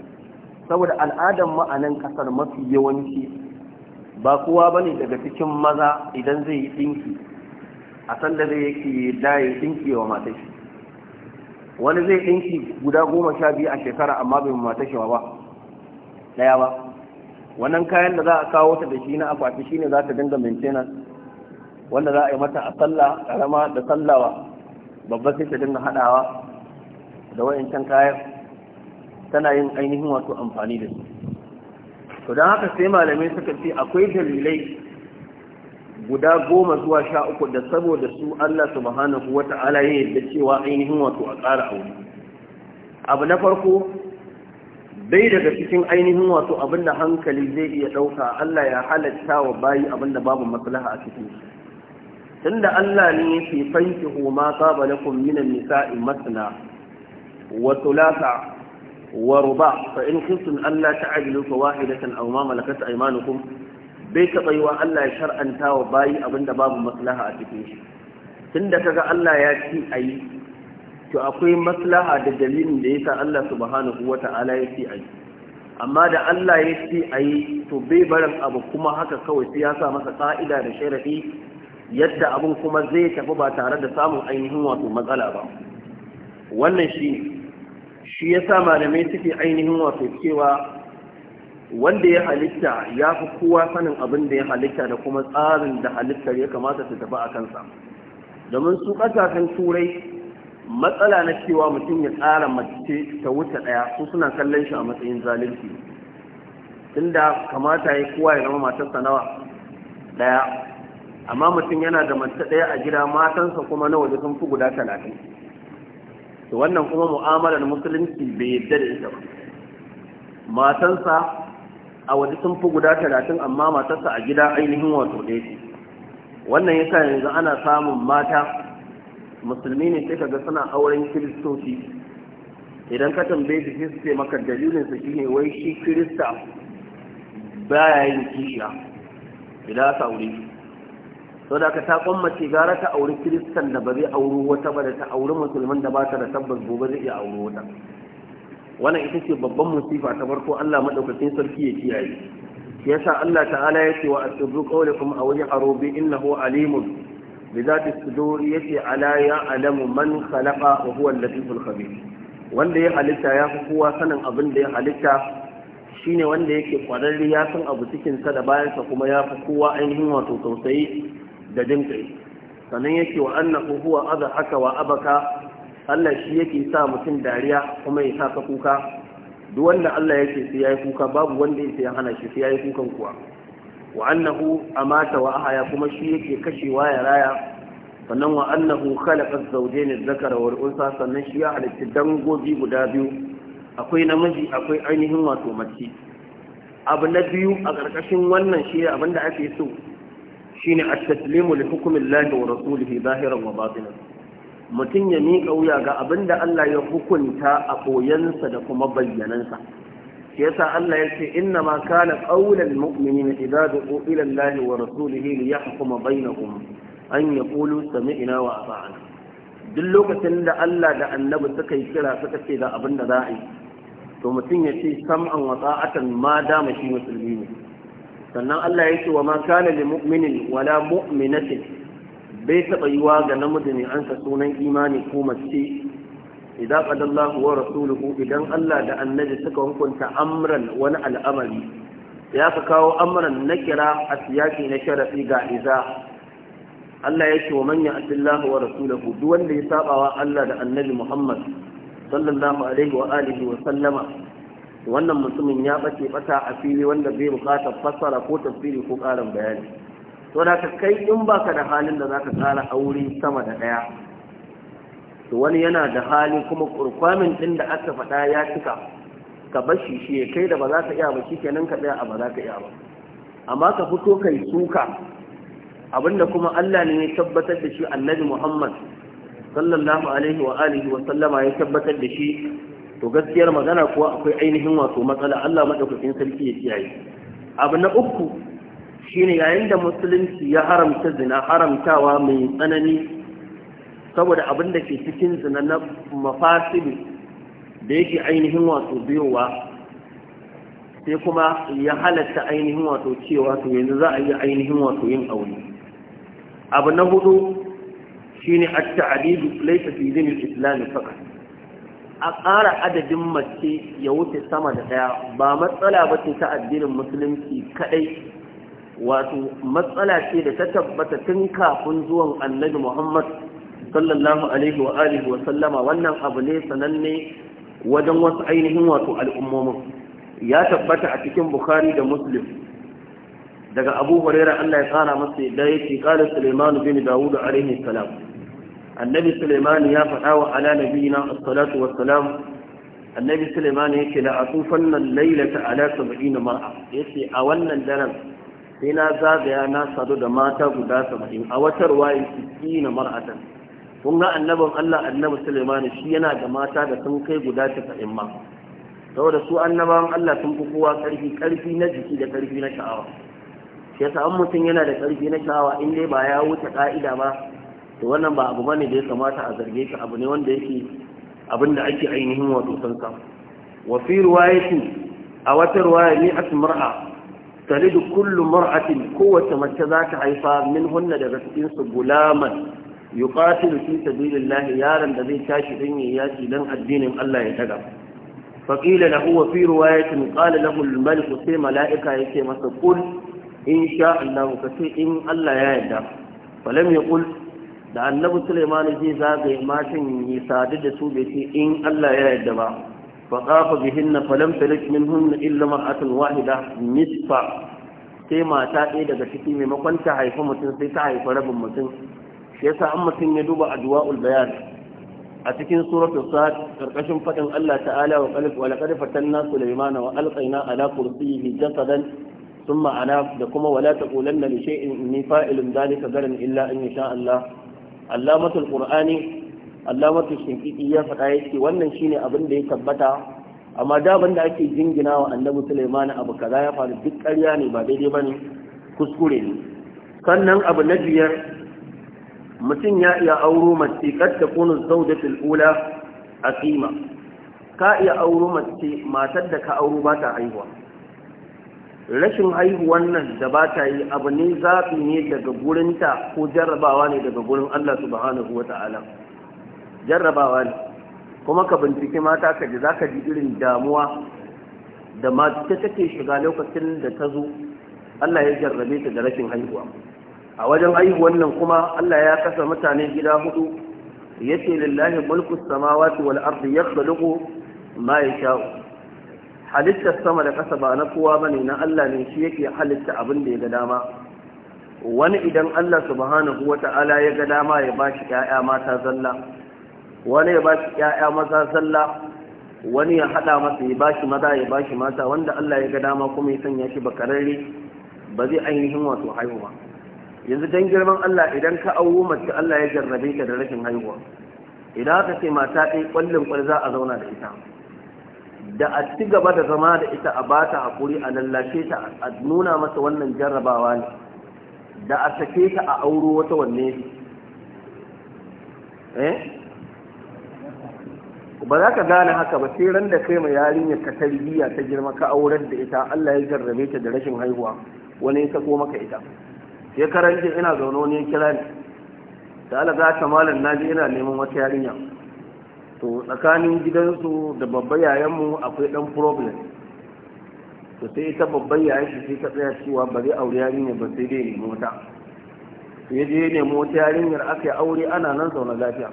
[SPEAKER 1] saboda al'adan ma'anan kasar mafi yawanci ba kowa ba ne daga cikin maza idan zai yi ɗinki a sanda zai yake daye dinki wa matashi wani zai ɗinki guda goma sha biyu a shekara amma bai mata shawa ba ɗaya ba wannan kayan da za a kawo ta da shi na akwati shi ne za ta dinga maintenance wanda za a yi mata a sallah ƙarama da sallawa babba sai ta dinga haɗawa da wa'incan kayan tana yin ainihin wasu amfani da su to don haka sai malamai suka ce akwai dalilai guda goma zuwa sha uku da saboda su Allah subhanahu wa ta'ala ya yadda cewa ainihin wato a ƙara aure abu na farko bai daga cikin ainihin wato abinda hankali zai iya ɗauka Allah ya halatta wa bayi abinda babu maslaha a cikin tunda Allah ne yake fanki ma saba lakum min an-nisa'i masna wa thulatha wa ruba fa in kuntum alla ta'dilu fa wahidatan aw ma malakat aymanukum bai taɓa yi wa Allah ya shar'anta wa bayi abinda babu maslaha a cikin shi tun da kaga Allah ya ci a yi to akwai maslaha da dalilin da ya sa Allah subhanahu wa ta'ala ya ci a yi amma da Allah ya ci a yi to bai barin abu kuma haka kawai sai ya sa masa ka'ida da sharafi yadda abin kuma zai tafi ba tare da samun ainihin wato matsala ba wannan shi shi ya sa malamai suke ainihin wato cewa wanda ya halitta ya fi kowa sanin abin da ya halitta da kuma tsarin da halittar ya kamata su tafi a kansa domin su ƙasashen turai matsala na cewa mutum ya tsara mace ta wuce ɗaya su suna kallon shi a matsayin zalunci tunda kamata ya kowa ya zama matarsa sanawa ɗaya amma mutum yana da mace ɗaya a gida matansa kuma na waje sun fi guda talatin to wannan kuma mu'amalar musulunci bai yadda da ita ba matansa a waje sun fi guda talatin amma matarsa a gida ainihin wato ɗaya ce wannan yasa yanzu ana samun mata musulmi ne sai kaga suna auren kiristoci idan ka tambaye su sai su ce maka dalilin su shine wai shi kirista baya yin kishiya idan ka aure sau da ka ta kwammace gara ta auri kiristan da ba zai auri wata ba da ta auri Musulmin da ba ta da tabbas gobe zai iya auri wata wannan ita ce babban musifa ta farko Allah madaukakin sarki ya kiyaye sa Allah ta'ala ya ce wa asirru qawlakum aw ya'ru bi innahu alimun bi zati sudur yace ala ya'lamu man khalaqa wa huwa al-latiful khabir wanda ya halitta ya fi kowa sanin abin da ya halitta shine wanda yake kwararre ya san abu cikin sa da bayansa kuma ya fi kowa ainihin wato tausayi da jin sannan yake wa annahu huwa adhaka wa abaka Allah shi yake sa mutum dariya kuma ya sa ka kuka duk wanda Allah yake sai yayi kuka babu wanda yake ya hana shi sai yayi kukan kuwa wa annahu amata wa ahaya kuma shi yake kashewa ya raya sannan wa annahu khalaqa az-zawjayn az-zakara wal unsa sannan shi ya halitta dangogi guda biyu akwai namiji akwai ainihin wato mace abu na biyu a ƙarƙashin wannan shi abinda ake so shine at-taslimu li hukmi wa rasulihi zahiran wa batinan mutum ya miƙa wuya ga abin da Allah ya hukunta a koyansa da kuma bayyanansa shi yasa Allah ya ce inna ma kana qawlan mu'minina idza du'u ila Allah wa rasulihi li yahkuma bainahum an yaqulu sami'na wa ata'na duk lokacin da Allah da Annabi suka yi kira suka ce da abin da za a yi to mutum ya ce sam'an wa ta'atan ma dama shi musulmi ne sannan Allah ya ce wa ma kana lil mu'minin wala mu'minatin bai taɓa yiwa ga namiji ne an sunan imani ko mace idan qadallahu wa rasuluhu idan Allah da annabi suka hukunta amran wani al'amari ya ka kawo amran na kira a siyaki na sharafi ga iza Allah ya ce wa man ya'tillahu wa rasuluhu duk wanda ya wa Allah da annabi Muhammad sallallahu alaihi wa alihi wa sallama wannan mutumin ya bace bata a fili wanda zai bukatar fassara ko tafsiri ko karin bayani to da ka kai in ba ka da halin da zaka tsara aure sama da daya to wani yana da hali kuma kurkwamin din da aka faɗa ya cika ka bashi shi ya kai da ba za ka iya ba kenan ka tsaya a ba za ka iya ba amma ka fito kai suka abinda kuma Allah ne ya tabbatar da shi annabi Muhammad sallallahu alaihi wa alihi wa sallama ya tabbatar da shi to gaskiyar magana kuwa akwai ainihin wato matsala Allah madaukakin sarki ya kiyaye abu na uku shine yayin da musulunci ya haramta zina haramtawa mai tsanani saboda abin da ke cikin zina na mafasili da yake ainihin wato biyowa sai kuma ya halatta ainihin wato cewa to yanzu za a yi ainihin wato yin aure abu na hudu shine a ta'adidu laysa fi al faka a ƙara adadin mace ya wuce sama da ɗaya, ba matsala ba ce ta addinin musulunci kaɗai wato matsala ce da ta tabbata tun kafin zuwan annabi Muhammad sallallahu alaihi wa alihi wa sallama wannan abu ne sananne wajen wasu ainihin wato al'ummomin ya tabbata a cikin Bukhari da Muslim daga Abu Huraira Allah ya tsara masa yadda yake qala Sulaiman bin Dawud alaihi salam annabi Sulaiman ya faɗa wa ala nabiyina as-salatu was-salam annabi Sulaiman yake la atufanna al-laylata ala 70 mar'a yace a wannan daren sai na zagaya na sadu da mata guda saba'in a watar waye su na mar'atan kun ga annabin Allah annabi Sulaiman shi yana da mata da sun kai guda saba'in ma saboda su annabawan Allah sun fi kowa karfi karfi na jiki da karfi na sha'awa shi yasa mutum yana da karfi na sha'awa in dai ba ya wuce ka'ida ba to wannan ba abu bane da ya kamata a zarge ka abu ne wanda yake abin da ake ainihin wato san sa wa fi riwayati a wata riwaya ni asmar'a talidu kullu mar'atin kowace mace za ta haifa min hunna daga cikin su gulaman yuqatilu fi sabilillahi yaron da zai tashi dan yayi yaki dan addinin Allah ya daga faqila lahu wa fi riwayatin qala lahu al-malik sai mala'ika yake masa kul in sha Allah ka ce in Allah ya yarda falam yaqul da annabi Sulaiman zai zagaye matan yi sadu da su bai ce in Allah ya yarda ba فطاف بهن فلم تلد منهن إلا مرأة واحدة نصف sai mata ɗaya daga ciki maimakon ta haifi mutum sai ta haifi rabin mutum shi yasa an mutum ya duba addu'a'ul bayan a cikin suratul sa'ad karkashin fadin Allah ta'ala wa qalb wa laqad fatanna sulaymana wa alqayna ala kursiyyi jasadan thumma ana da kuma wala taqulanna li shay'in inni fa'ilun dhalika garan illa in sha Allah allamatul qur'ani allamatu shinkiki ya faɗa ya ce wannan shine abin da ya tabbata amma da da ake jingina wa annabi sulaimani abu kaza ya faru duk ƙarya ne ba daidai ba ne kuskure ne sannan abu na biyar mutum ya iya auro mace Kunun ta kunu zaujatul a asima ka iya auro mace matar da ka auro ba ta haihuwa rashin haihuwan nan da ba ta yi abu ne zaɓi ne daga gurinta ko jarrabawa ne daga gurin Allah subhanahu wa ta'ala jarrabawa ne kuma ka bincike mata ka ji za ka ji irin damuwa da mata take shiga lokacin da ta zo Allah ya jarrabe ta da rashin haihuwa a wajen haihuwan nan kuma Allah ya kasa mutane gida hudu yace lillahi mulku samawati wal ardi yakhluqu ma yasha halitta sama da kasa ba na kowa bane na Allah ne shi yake halitta abin da ya ga dama wani idan Allah subhanahu wata'ala ya ga dama ya bashi ƴaƴa mata zalla wani ya ba shi ƴaƴa maza salla wani ya haɗa masa ya ba shi maza ya ba shi mata wanda Allah ya ga dama kuma ya sanya shi bakararre ba zai ainihin wato haihuwa yanzu dan girman Allah idan ka awo mace Allah ya jarrabe ta da rashin haihuwa idan aka ce mata ɗaya ƙwallin ƙwal za a zauna da ita da a ci gaba da zama da ita a ba ta haƙuri a lallashe ta a nuna masa wannan jarrabawa ne da a sake ta a auro wata wanne eh ba za ka gane haka ba sai ran da kai ma yarinyar ka tarbiyya ta girma ka aurar da ita Allah ya jarrabe ta da rashin haihuwa wani ya sako maka ita ya karanta ina zaune wani kira ni da alaga ta malam naji ina neman wata yarinya to tsakanin gidansu da babban yayanmu akwai dan problem to sai ita babban yayan shi sai ta tsaya cewa ba zai aure yarinya ba sai dai ne wata to ya je ne nemi wata yarinyar aka yi aure ana nan zaune lafiya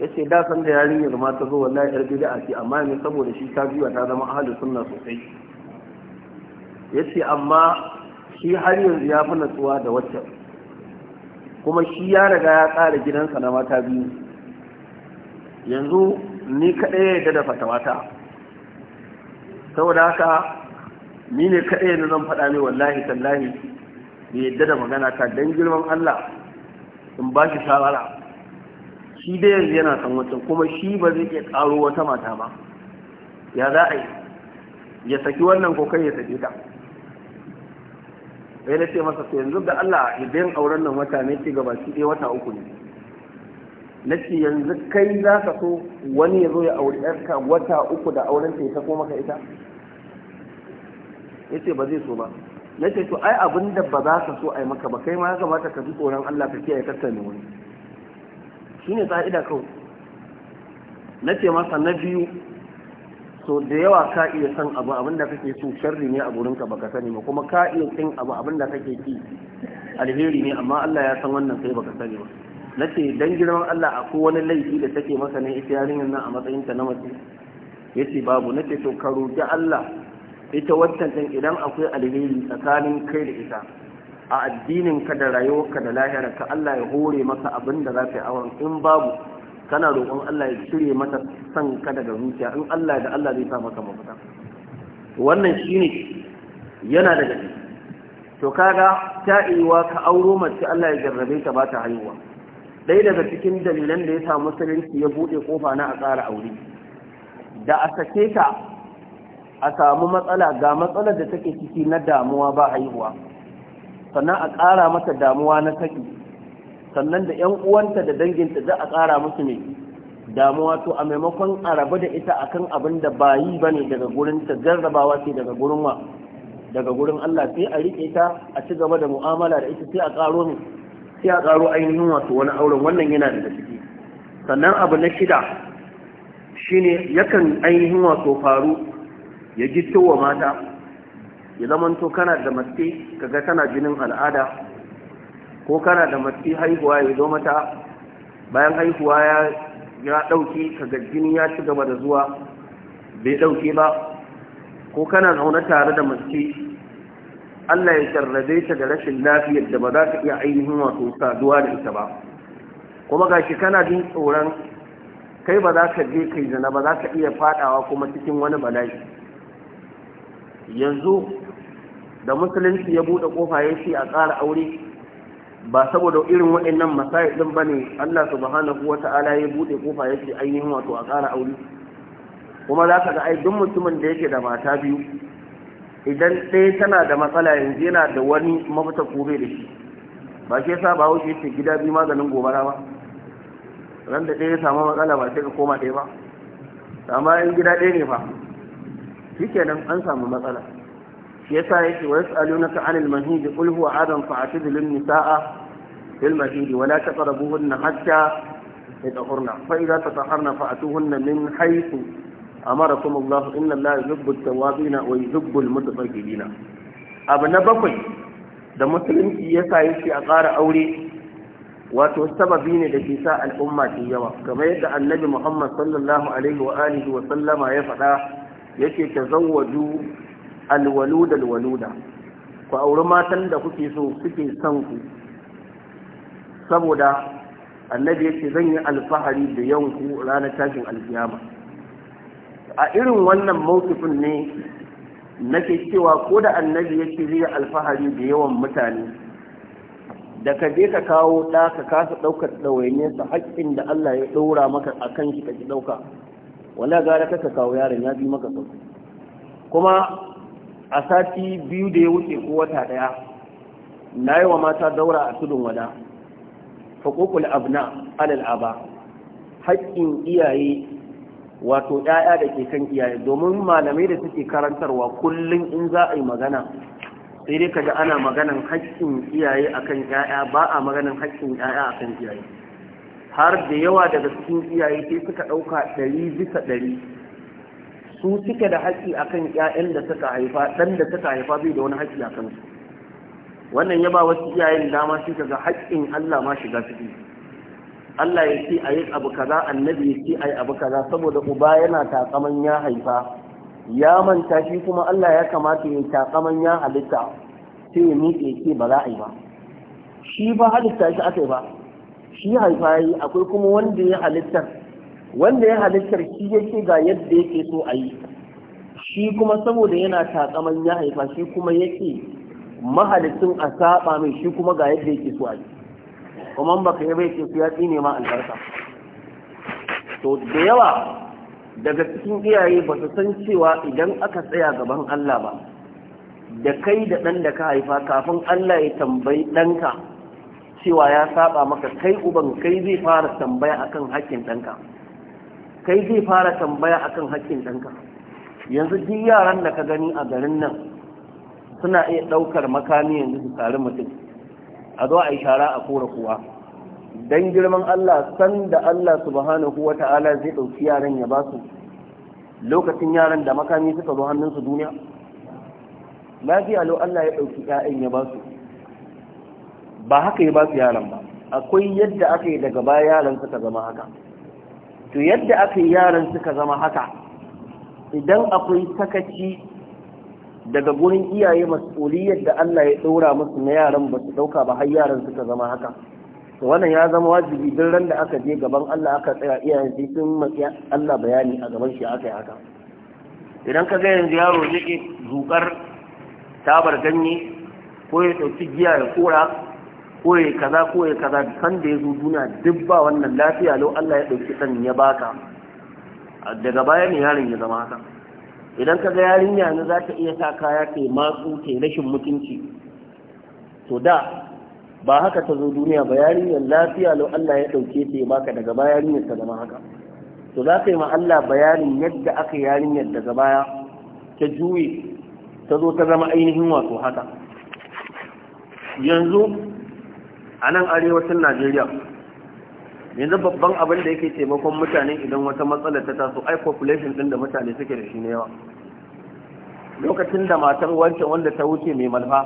[SPEAKER 1] ya ce da san da yarinyar ma ta zo wallahi yar bid'a ce amma ne saboda shi ta biya ta zama ahli sunna sosai ya ce amma shi har yanzu ya fi natsuwa da wacce kuma shi ya riga ya tsara gidansa na mata biyu yanzu ni kaɗai ya yadda fata wata, saboda haka ni ne kaɗai yanzu zan faɗa ne wallahi tallahi bai yadda da magana ta don girman Allah in ba shi shawara shi da yanzu yana san wata kuma shi ba zai iya karo wata mata ba ya za a yi ya saki wannan ko kai ya saki ta sai na ce masa to yanzu da Allah idan auren nan wata ne ci gaba shi dai wata uku ne na ce yanzu kai za ka so wani ya zo ya auri yarka wata uku da auren ta ya sako maka ita ya ce ba zai so ba na ce to ai abinda ba za ka so a yi maka ba kai ma ya kamata ka ji tsoron Allah ka kiyaye kasar ne wani shine sa'ida kawai na ce masa na biyu so da yawa ka iya san abu abinda kake so sharri ne a gurin ka baka sani ba kuma ka iya san abu abinda kake ki alheri ne amma Allah ya san wannan sai baka sani ba nace dan girman Allah akwai wani laifi da take masa ne ita yarinyar nan a matsayin ta na mace yace babu nace to ka da Allah ita wancan din idan akwai alheri tsakanin kai da ita a addinin ka da rayuwarka da lahira ka Allah ya hore maka abin da za ka yi auren in babu kana roƙon Allah ya cire mata san ka daga zuciya in Allah da Allah zai sa maka mafita wannan shine yana daga ciki to kaga ta iwa ka auro mace Allah ya jarrabe ta ba ta haihuwa ɗaya daga cikin dalilan da ya sa musulunci ya buɗe kofa na a tsara aure da a sake ta a samu matsala ga matsalar da take ciki na damuwa ba haihuwa sannan a ƙara mata damuwa na saki sannan da 'yan uwanta da danginta za a ƙara musu ne damuwa to a maimakon a rabu da ita akan abin da ba yi ba ne daga gurin ta jarrabawa ce daga gurin wa daga gurin Allah sai a riƙe ta a ci gaba da mu'amala da ita sai a ƙaro ne sai a ƙaro ainihin wato wani auren wannan yana daga ciki sannan abu na shida shine yakan ainihin wato faru ya gittowa mata ya zamanto kana da matsi kaga tana jinin al'ada ko kana da matsi haihuwa ya zo mata bayan haihuwa ya ya dauke kaga jini ya ci gaba da zuwa bai dauke ba ko kana zaune tare da matsi Allah ya sarrade ta da rashin lafiyar da ba za ta iya ainihin wato saduwa da ita ba kuma gashi kana jin tsoron kai ba za ka je kai zina ba za ka iya fadawa kuma cikin wani bala'i yanzu da musulunci ya buɗe kofa ya ce a ƙara aure ba saboda irin waɗannan masayi ɗin ba ne Allah subhanahu wa ta'ala ya buɗe kofa ya ce ainihin wato a ƙara aure kuma za ka ga ai duk mutumin da yake da mata biyu idan ɗaya tana da matsala yanzu yana da wani mafita kobe da shi ba ke sa ba wuce ce gida biyu maganin gobara ba ran da ɗaya ya samu matsala ba sai ka koma ɗaya ba amma in gida ɗaya ne fa shikenan an samu matsala shi yasa yake wa yas'alunaka 'anil mahidi qul huwa adam fa'tidu lin nisaa fil mahidi wa la taqrabuhunna hatta yatahurna fa idza tataharna fa'tuhunna min haythu amarakum Allah inna Allah yuhibbu at-tawwabin wa yuhibbu al-mutatahhirin abu na bakwai da musulunci ya sa yake a ƙara aure wato sababi ne da ke sa al'umma ke yawa kamar yadda annabi Muhammad sallallahu alaihi wa alihi wa sallama ya faɗa yace ta zawaju alwaluda ku auri matan da kuke so kuke son ku saboda annabi yace zan yi alfahari da yanku ranar tashin alkiyama a irin wannan mawkifin ne nake cewa ko da annabi yake zai yi alfahari da yawan mutane da ka je ka kawo ɗa ka kasa ɗaukar ɗawainiyarsa haƙƙin da Allah ya ɗora maka a kan shi ka ji ɗauka wanda gara ka kawo yaron ya bi maka sauki kuma a sati biyu da ya wuce ko wata daya na yi wa mata daura a tudun wada hukukul abna alal aba haƙƙin iyaye wato ɗaya da ke kan iyaye domin malamai da suke karantarwa kullum in za a yi magana sai dai kaga ana maganan haƙƙin iyaye akan ƴaƴa ba a maganan haƙƙin ƴaƴa akan iyaye har da yawa daga cikin iyaye sai suka ɗauka ɗari bisa ɗari su suke da haƙƙi akan ƴaƴan da suka haifa ɗan da suka haifa bai da wani haƙƙi a kansu wannan ya ba wasu iyayen dama shi ga haƙƙin Allah ma shiga ciki Allah ya ce a abu kaza annabi ya ce a abu kaza saboda uba yana takaman ya haifa ya manta shi kuma Allah ya kamata ya takaman ya halitta sai ya miƙe ce ba za a yi ba shi ba halitta shi aka yi ba shi haifa yi akwai kuma wanda ya halittar wanda ya halittar shi yake ga yadda yake so a yi shi kuma saboda yana takaman ya haifa shi kuma yake mahalittun a saba mai shi kuma ga yadda yake so a yi kuma baka yi bai su ya tsine ma albarka to da yawa daga cikin iyaye ba su san cewa idan aka tsaya gaban Allah ba da kai da ɗan da ka haifa kafin Allah ya tambayi ɗanka cewa ya saba maka kai uban kai zai fara tambaya akan haƙƙin ɗanka kai zai fara tambaya akan hakkin ɗanka yanzu duk yaran da ka gani a garin nan suna iya ɗaukar makami yanzu su tsari mutum a zo a yi shara a kora kuwa don girman Allah san da Allah subhanahu wa ta'ala zai ɗauki yaran ya ba su lokacin yaran da makami suka zo hannunsu duniya lafiya lo Allah ya ɗauki 'ya'yan ya ba su ba haka ya ba su yaran ba akwai yadda aka yi daga baya yaran suka zama haka to yadda aka yi yaran suka zama haka idan akwai sakaci daga gurin iyaye mas'uliyar da Allah ya ɗora musu na yaran ba su ɗauka ba har yaran suka zama haka to wannan ya zama wajibi duk ran da aka je gaban Allah aka tsaya iyayen sai sun matsiya Allah bayani a gaban shi aka yi haka idan ka ga yanzu yaro zai zukar tabar ganye ko ya ɗauki giya ya kora ko kaza ko kaza san da ya zo duniya duk ba wannan lafiya lau Allah ya ɗauki sanin ya baka daga baya ne yaron ya zama haka idan ka ga yarinya ne za ta iya sa kaya ke matsu ke rashin mutunci to da ba haka ta zo duniya ba yarinyar lafiya lau Allah ya ɗauke ta ya baka daga baya yarinyar ta zama haka to za ka yi ma Allah bayanin yadda aka yarinyar daga baya ta juye ta zo ta zama ainihin wato haka yanzu a nan arewacin najeriya yanzu babban abin da yake taimakon mutane idan wata matsala ta taso ai population din da mutane suke da shi ne yawa lokacin da matar wancan wanda ta wuce mai malfa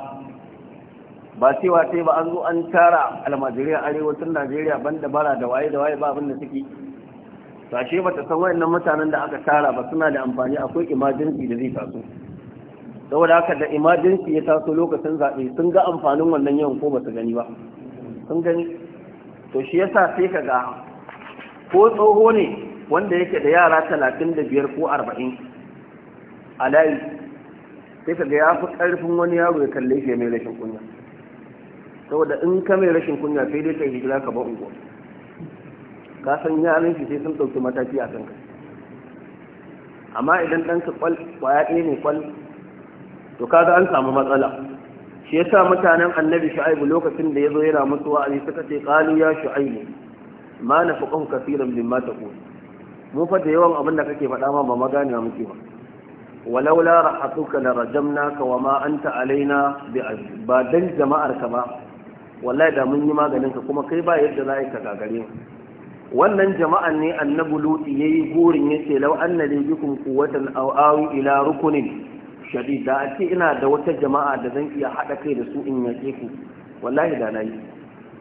[SPEAKER 1] ba cewa sai ba an zo an tara almajiriya arewacin najeriya ban da bara da waye da waye ba abin da suke sashe ba ta san wayannan mutanen da aka tara ba suna da amfani akwai emergency da zai taso saboda haka da emergency ya taso lokacin zaɓe sun ga amfanin wannan yawan ko ba su gani ba sun gani to shi yasa sai ka ga ko tsoho ne wanda yake da yara talatin da biyar ko arba'in a layi sai ka ga ya fi ƙarfin wani yaro ya kalle shi mai rashin kunya saboda in ka mai rashin kunya sai dai ka yi ka ba unguwa ka san yaran shi sai sun ɗauki mataki a kanka amma idan ɗanka kwal kwaya ɗaya ne kwal to kaga an samu matsala shi yasa mutanen annabi shu'aibu lokacin da yazo yana musu wa'azi suka ce qalu ya shu'aibu ma nafaqahu kaseeran mimma taqul mu fa da yawan abin da kake faɗa ma ba magani muke ba walaula rahatuka la rajamnaka wa ma anta alaina bi ba dan jama'ar ka ba wallahi da mun yi maganin ka kuma kai ba yadda za ka gagare wannan jama'an ne annabi lutu yayi gurin yace law anna li bikum quwwatan aw awi ila rukunin shadid da ake ina da wata jama'a da zan iya haɗa kai da su in yake ku wallahi da nayi yi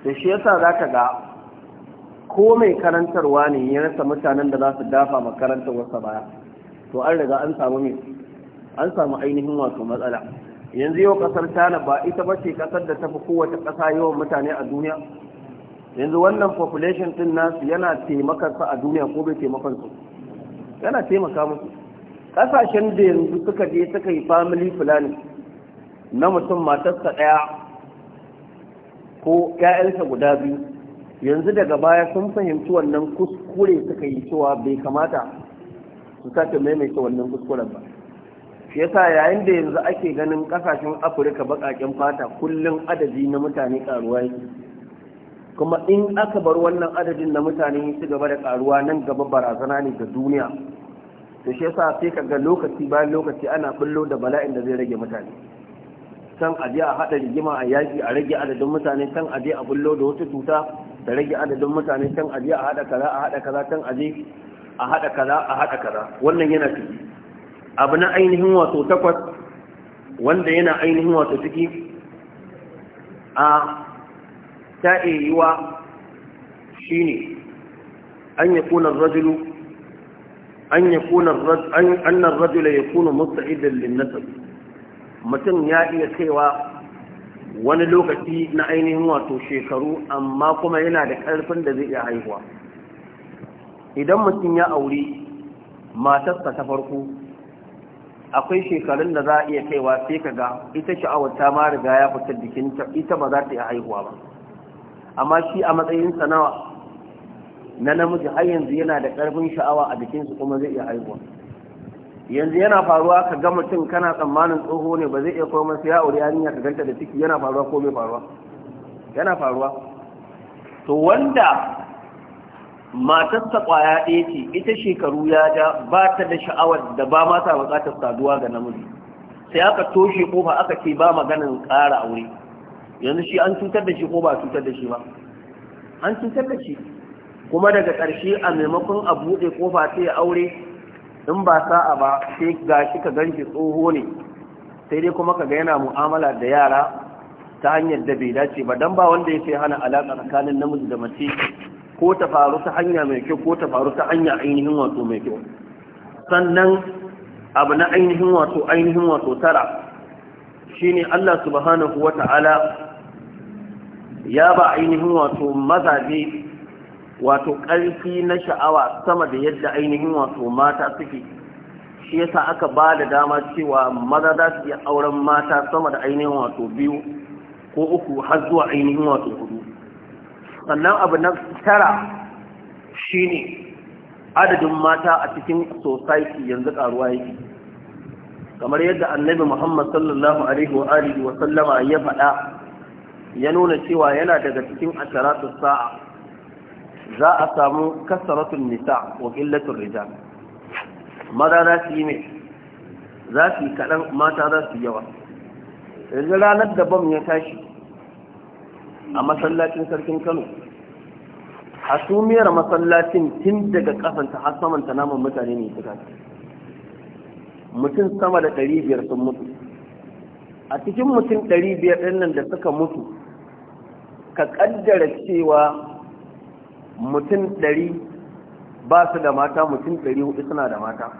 [SPEAKER 1] da shi yasa za ga ko mai karantarwa ne ya rasa mutanen da za su dafa makarantar wasa baya to an riga an samu me an samu ainihin wato matsala yanzu yau kasar tana ba ita ba ce kasar da tafi kowace ƙasa yawan mutane a duniya yanzu wannan population din nasu yana taimakarsa a duniya ko bai taimakon yana taimaka musu kasashen da yanzu suka je suka yi family planning na mutum matarsa ɗaya ko ‘ya'yansa guda biyu yanzu daga baya sun fahimci wannan kuskure suka yi cewa bai kamata su sake maimaita wannan kuskuren ba shi yasa yayin da yanzu ake ganin kasashen afirka baƙaƙen fata kullum adadi na mutane ƙaruwa yake kuma in aka bar wannan adadin na mutane su gaba da ƙaruwa nan gaba barazana ne ga duniya to shi yasa sai kaga lokaci bayan lokaci ana bullo da bala'in da zai rage mutane san aje a hada rigima a yaki a rage adadin mutane san aje a bullo da wata cuta da rage adadin mutane san aje a hada kaza a hada kaza san aje a hada kaza a hada kaza wannan yana ciki abu na ainihin wato takwas wanda yana ainihin wato ciki a ta'ayiwa shine an kunan rajulu an yakuna an anna ar-rajula yakunu musta'idan lin mutum ya iya kaiwa wani lokaci na ainihin wato shekaru amma kuma yana da ƙarfin da zai iya haihuwa idan mutum ya auri matarsa ta farko akwai shekarun da za a iya kaiwa sai ka ga ita sha'awar ta ma riga ya fita jikinta ita ba za ta iya haihuwa ba amma shi a matsayin nawa? na namiji har yanzu yana da ƙarfin sha'awa a jikinsu kuma zai iya haihuwa yanzu yana faruwa ka ga mutum kana tsammanin tsoho ne ba zai iya koma sai ya aure yarinya ka ganta da ciki yana faruwa ko bai faruwa yana faruwa to wanda matarsa kwaya ɗaya ce ita shekaru ya ja ba ta da sha'awar da ba ma ta buƙatar saduwa ga namiji sai aka toshe kofa aka ce ba maganin ƙara aure yanzu shi an cutar da shi ko ba cutar da shi ba an cutar da shi kuma daga ƙarshe a maimakon a buɗe kofa sai ya aure in ba sa'a ba sai ga shi ka ganshi tsoho ne sai dai kuma ka ga yana mu'amala da yara ta hanyar da bai dace ba dan ba wanda ya sai hana alaƙa tsakanin namiji da mace ko ta faru ta hanya mai kyau ko ta faru ta hanya ainihin wato mai kyau sannan abu na ainihin wato ainihin wato tara shine Allah subhanahu wata'ala ya ba ainihin wato mazaje wato ƙarfi na sha'awa sama da yadda ainihin wato mata suke shi yasa aka ba da dama cewa maza za su iya auren mata sama da ainihin wato biyu ko uku har zuwa ainihin wato hudu sannan abu na tara shine adadin mata a cikin society yanzu karuwa yake kamar yadda annabi muhammad sallallahu alaihi wa wa sallama ya faɗa ya nuna cewa yana daga cikin asharatu sa'a za a samu kasaratun nisa wa illatun rijal maza za su yi mai za su yi kaɗan mata za su yawa yanzu ranar da bam ya tashi a masallacin sarkin kano a sumiyar masallacin tun daga ƙasanta har samanta namun mutane ne su mutum sama da ɗari biyar sun mutu a cikin mutum ɗari biyar ɗin nan da suka mutu ka ƙaddara cewa mutum ɗari ba su da mata mutum ɗari hudu suna da mata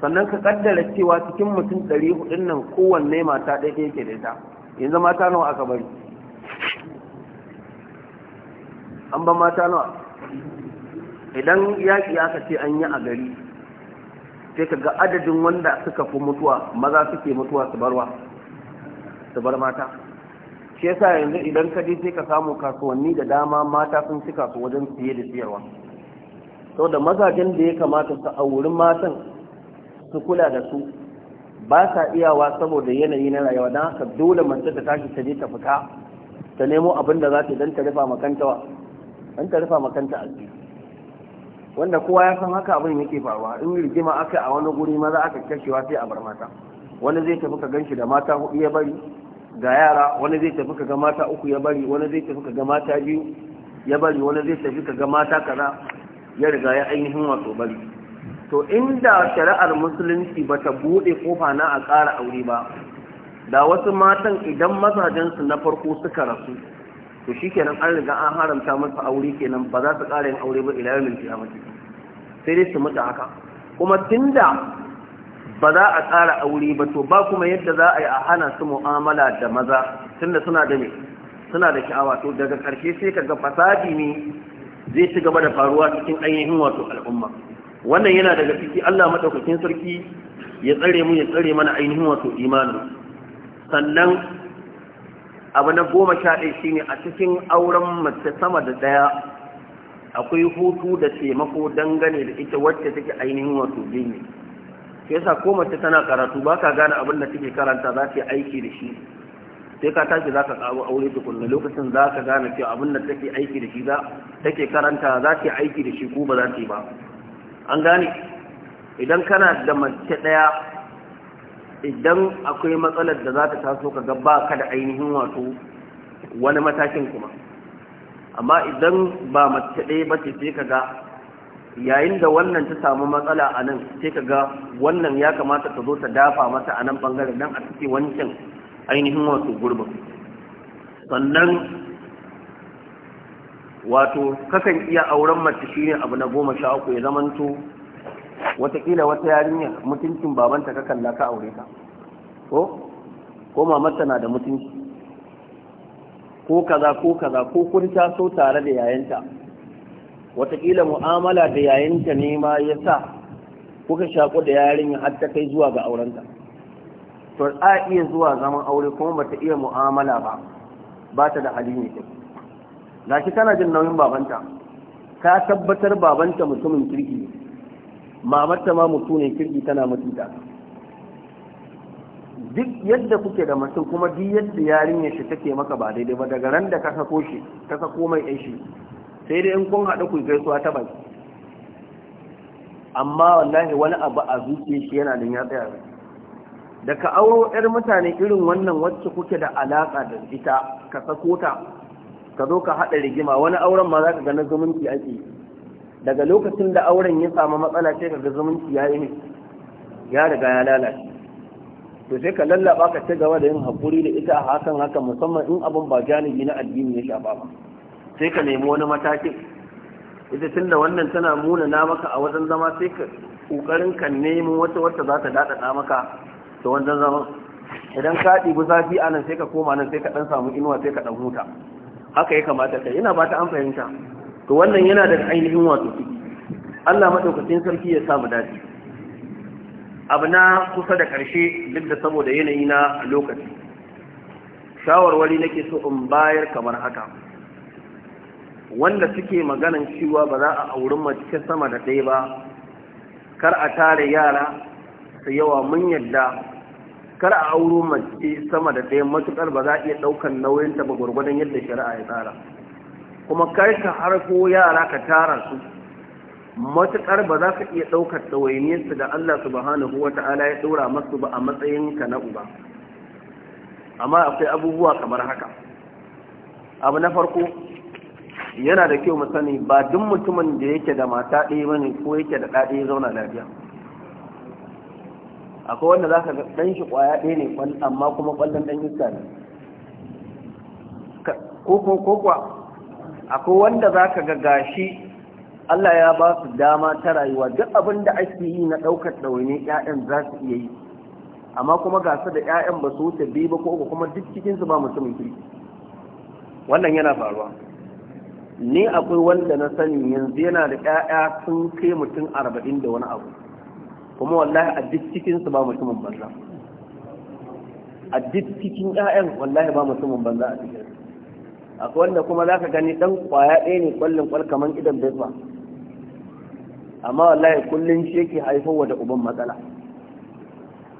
[SPEAKER 1] sannan ka kaddara cewa cikin mutum ɗari hudun nan kowanne mata ɗaya ke da ita yanzu mata nawa aka bari an ba mata nawa idan yaƙi aka ce an yi a gari sai ka ga adadin wanda suka fi mutuwa maza suke mutuwa su barwa su bar mata shi yasa yanzu idan ka je sai ka samu kasuwanni da dama mata sun cika su wajen siye da siyarwa da mazajen da ya kamata su auri matan su kula da su ba sa iyawa saboda yanayi na rayuwa don haka dole mace ta tashi ta je ta fita ta nemo abin da za ta don ta rufa makanta dan ta rufa makanta a wanda kowa ya san haka abin yake faruwa in rigima aka a wani guri maza aka kashewa sai a bar mata wani zai tafi ka ganshi da mata hudu ya bari ga yara wani zai tafi ga mata uku ya bari wani zai tafi ga mata biyu ya bari wani zai tafi ga mata kaza ya riga ya ainihin wato bari to inda shari'ar musulunci ba ta buɗe kofa na a ƙara aure ba da wasu matan idan mazajensu na farko suka rasu to shikenan an riga an haramta musu aure kenan ba za su ƙara yin aure ba ilayen mintiya sai dai su mutu haka kuma tunda ba za a tsara aure ba to ba kuma yadda za a yi a hana su mu'amala da maza da suna da ne suna da sha'awa to daga ƙarshe sai ka ga fasadi ne zai ci gaba da faruwa cikin ainihin wato al'umma wannan yana daga ciki Allah madaukakin sarki ya tsare mu ya tsare mana ainihin wato imanin sannan abu na goma sha ɗaya shine a cikin auren mace sama da ɗaya akwai hutu da taimako dangane da ita wacce take ainihin wato jini ke yasa ko mace tana karatu ba ka gane abin da take karanta za ta yi aiki da shi sai ka tashi za ka kawo aure tukunna lokacin za ka gane cewa abin da take aiki da shi za take karanta za ta yi aiki da shi ko ba za ta yi ba an gane idan kana da mace ɗaya idan akwai matsalar da za ta taso ka gaba ka da ainihin wato wani matakin kuma amma idan ba mace ɗaya ba ce sai ka ga yayin da wannan ta samu matsala a nan sai ka ga wannan ya kamata ta zo ta dafa mata a nan ɓangaren don a cike wancan ainihin wato gurbin sannan wato kakan iya auren mace shine abu na goma sha uku ya zamanto watakila wata yarinya mutuncin babanta ka kalla ka aure ta ko ko mamarta na da mutunci ko kaza ko kaza ko kun taso tare da yayanta watakila mu'amala da yayinta ne ma ya sa kuka shaƙo da yarinya har ta kai zuwa ga aurenta to a iya zuwa zaman aure kuma ba ta iya mu'amala ba ba ta da hali ne ga shi kana jin nauyin babanta ka tabbatar babanta mutumin kirki mamarta ma mutumin kirki tana mutunta duk yadda kuke da mutum kuma duk yadda yarinyar shi take maka ba daidai ba daga ran da ka sako shi ka sako mai ɗan shi sai dai in kun haɗu ku gaisuwa ta baki amma wallahi wani abu a zuciya shi yana da ya tsaya da ka auro yar mutane irin wannan wacce kuke da alaka da ita ka sako ta ka zo ka haɗa rigima wani auren ma za ka ga na zumunci ake daga lokacin da auren ya samu matsala sai ka ga zumunci ya yi ya riga ya lalace to sai ka lallaba ka ci gaba da yin haƙuri da ita a hakan haka musamman in abun ba janibi na addini ya shafa ba sai ka nemi wani matakin ita tun da wannan tana muna na maka a wajen zama sai ka ƙoƙarin ka nemi wata wata za ta daɗaɗa maka ta wajen zama idan ka ɗibi zafi a sai ka koma nan sai ka ɗan samu inuwa sai ka ɗan huta haka ya kamata ka yana ba ta an fahimta to wannan yana da ainihin wato ciki Allah maɗaukacin sarki ya samu dace abu na kusa da ƙarshe duk da saboda yanayi na lokaci shawarwari nake so in bayar kamar haka wanda suke maganan cewa ba za a auri mace sama da ɗaya ba kar a tare yara su yawa mun yadda kar a auro mace sama da ɗaya matuƙar ba za a iya nauyin ta ba gwargwadon yadda shari'a ya tsara kuma kai ka harko yara ka tara su matuƙar ba za ka iya ɗaukar su da Allah subhanahu wa ta'ala ya ɗora masu ba a matsayin ka na uba amma akwai abubuwa kamar haka abu na farko yana da kyau mu sani ba duk mutumin da yake da mata ɗaya bane ko yake da ɗaɗe zauna lafiya akwai wanda za ka ga ɗan shi ƙwaya ɗaya ne amma kuma ƙwallon ɗan iska ne ko ko akwai wanda za ka ga gashi Allah ya ba su dama ta rayuwa duk abin da ake yi na ɗaukar ɗawaine ƴaƴan za su iya yi amma kuma ga su da ƴaƴan ba su wuce biyu ba ko kuma duk cikinsu ba mutumin kirki wannan yana faruwa ni akwai wanda na sani yanzu yana da ƴaƴa sun kai mutum arba'in da wani abu kuma wallahi a duk cikin su ba mutumin banza a duk cikin ƴaƴan wallahi ba mutumin banza a cikin akwai wanda kuma za ka gani ɗan ƙwaya ɗaya ne ƙwallon ƙwal kamar idan bai ba amma wallahi kullum shi yake haifowa da uban matsala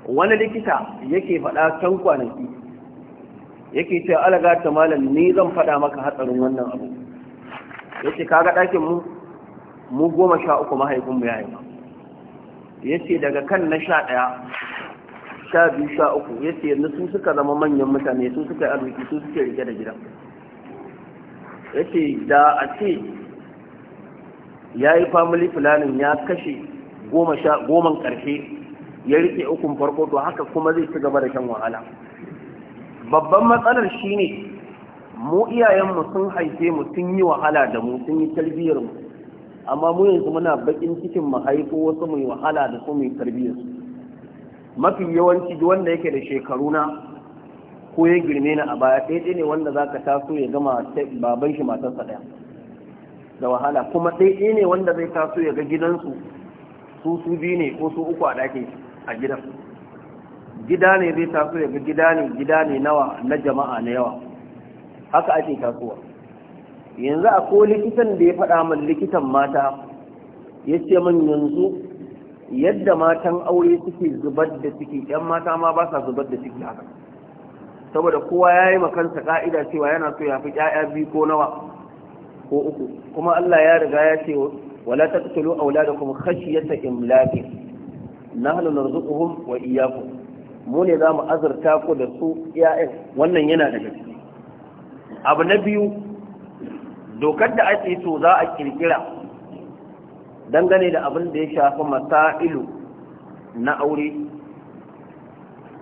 [SPEAKER 1] wani likita yake faɗa can kwanaki yake ce alaga ta malam ni zan faɗa maka hatsarin wannan abu yace kaga ɗakin mu mu goma sha uku mahaifin mu yayin yace daga kan na sha ɗaya sha biyu sha uku yace yanzu su suka zama manyan mutane su suka arziki su suke rike da gidan yace da a ce ya yi family planning ya kashe goma ƙarshe ya rike ukun farko to haka kuma zai ci gaba da shan wahala babban matsalar shine mu iyayenmu sun haife mu sun yi wahala da mu sun yi tarbiyyar mu amma mu yanzu muna bakin cikin mu haifo wasu mu yi wahala da su mu yi tarbiyyar su mafi yawanci duk wanda yake da shekaru na ko ya girme ni a baya ɗaya ne wanda zaka taso ya gama baban shi matarsa ɗaya da wahala kuma ɗaya ne wanda zai taso ya ga gidansu su su biyu ne ko su uku a ɗakin a gidan gida ne zai taso ya ga gida ne gida ne nawa na jama'a na yawa haka ake kasuwa yanzu a ko likitan da ya faɗa min likitan mata ya ce min yanzu yadda matan aure suke zubar da ciki yan mata ma ba sa zubar da ciki haka saboda kowa ya yi makansa ka'ida cewa yana so ya fi ƴaƴa biyu ko nawa ko uku kuma Allah ya riga ya ce wala taqtulu auladakum khashyata imlaqi nahnu narzuquhum wa iyyakum mu ne za mu azurta ku da su ƴaƴan wannan yana daga ciki abu na biyu dokar da ake so za a kirkira dangane da abin da ya shafi masailu na aure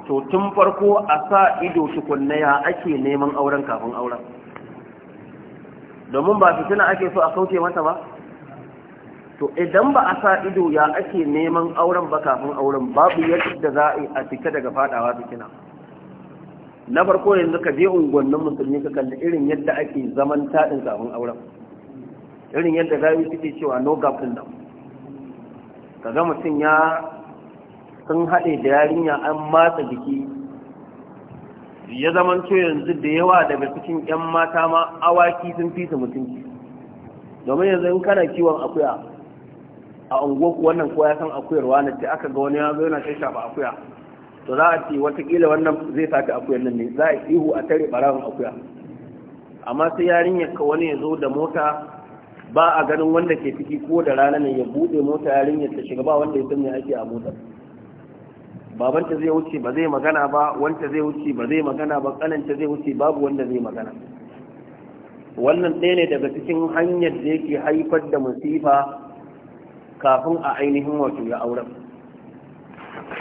[SPEAKER 1] to tun farko a sa ido tukunna ya ake neman auren kafin auren domin ba fitina ake so a sauke mata ba to idan ba a sa ido ya ake neman auren ba kafin auren babu yadda za a fika daga fadawa fitina na farko yanzu ka je unguwannin musulmi ka kalli irin yadda ake zaman taɗin kafin auren irin yadda gayu suke cewa no gap in nan ka ga mutum ya sun haɗe da yarinya an matsa jiki ya zaman cewa yanzu da yawa daga cikin 'yan mata ma awaki sun fi su mutunci domin yanzu in kana kiwon akuya a unguwa wannan kowa ya san akuyar wani ce aka ga wani ya zo yana shafa akuya to za a ce watakila wannan zai sata akuyan nan ne za a ihu a tare barawon akuya amma sai yarinyar ka wani ya zo da mota ba a ganin wanda ke ciki ko da rana ne ya buɗe mota yarinyar ta shiga ba wanda ya san me ake a motar babanta zai wuce ba zai magana ba wanta zai wuce ba zai magana ba kananta zai wuce babu wanda zai magana wannan ɗaya ne daga cikin hanyar da yake haifar da musifa kafin a ainihin wato ya auren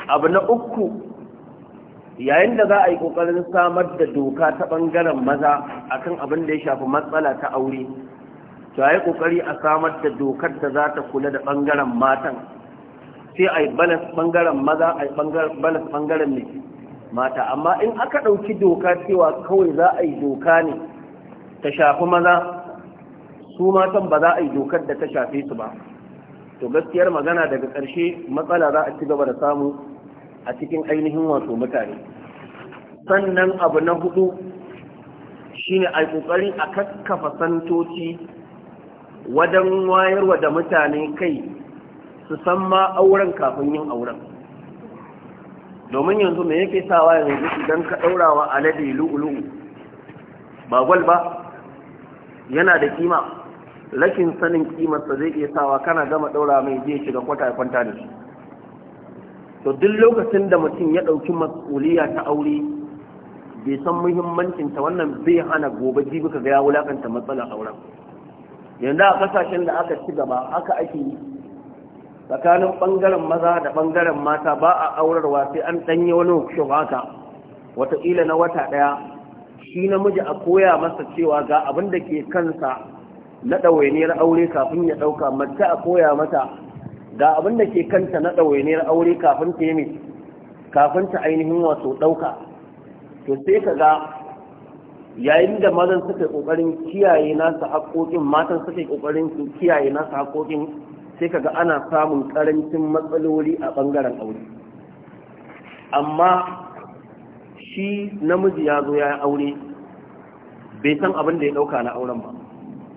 [SPEAKER 1] abu na uku yayin da za a yi kokarin samar da doka ta bangaren maza a kan abin da ya shafi matsala ta aure to yi kokari a samar da dokar da za ta kula da bangaren matan sai a yi balas bangaren maza a yi balas bangaren ne mata amma in aka ɗauki doka cewa kawai za a yi doka ne ta shafi maza su matan ba za a yi dokar da ta shafe su ba to gaskiyar magana daga ƙarshe matsala za a ci gaba da samu a cikin ainihin wato mutane sannan abu na hudu shine a ƙoƙarin a kakkafa santoci wajen wayarwa da mutane kai su san ma auren kafin yin auren domin yanzu me yake sawa yanzu idan ka ɗaurawa alade lu'ulu'u ba gwal ba yana da kima lakin sanin kimarsa zai iya sawa kana gama ɗaura mai zai shiga kwata ya kwanta da shi to duk lokacin da mutum ya ɗauki mas'uliya ta aure bai san muhimmancin ta wannan bai hana gobe jibi ka ga ya wulakanta matsalar auren yanzu a kasashen da aka ci gaba haka ake yi tsakanin bangaren maza da bangaren mata ba a aurarwa sai an ɗanye wani hukushin haka wataƙila na wata ɗaya shi namiji a koya masa cewa ga abin da ke kansa na ɗawainiyar aure kafin ya ɗauka mace a koya mata ga abin da ke kanta na ɗawainiyar aure kafin ta yi kafin ta ainihin wato ɗauka to sai ka ga yayin da mazan suka ƙoƙarin kiyaye nasa haƙoƙin matan suka ƙoƙarin kiyaye nasa haƙoƙin sai ka ga ana samun ƙarancin matsaloli a ɓangaren aure amma shi namiji ya zo ya yi aure bai san abin da ya ɗauka na auren ba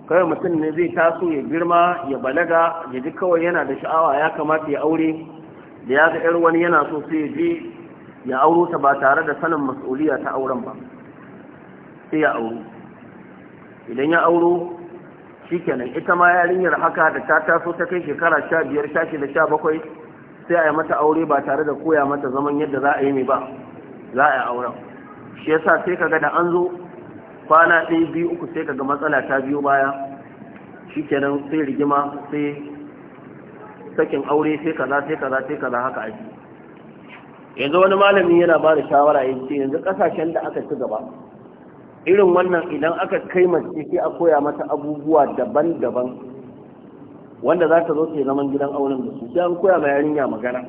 [SPEAKER 1] kawai mutum ne zai taso ya girma ya balaga ya ji kawai yana da sha'awa ya kamata ya aure da ya ga 'yar wani yana so sai ya je ya auro ta ba tare da sanin mas'uliya ta auren ba sai ya auro idan ya auro shikenan ita ma yarinyar haka da ta taso ta kai shekara sha biyar sha shida sha bakwai sai a yi mata aure ba tare da koya mata zaman yadda za a yi mai ba za a yi auren shi yasa sai ka ga da an zo kwana ɗaya biyu uku sai kaga matsala ta biyo baya shikenan sai rigima sai sakin aure sai kaza sai kaza sai kaza haka aiki yanzu wani malami yana ba da shawara ya ce yanzu kasashen da aka ci gaba irin wannan idan aka kai mace sai a koya mata abubuwa daban-daban wanda za ta zo ta zaman gidan auren da su sai an koya ma yarinya magana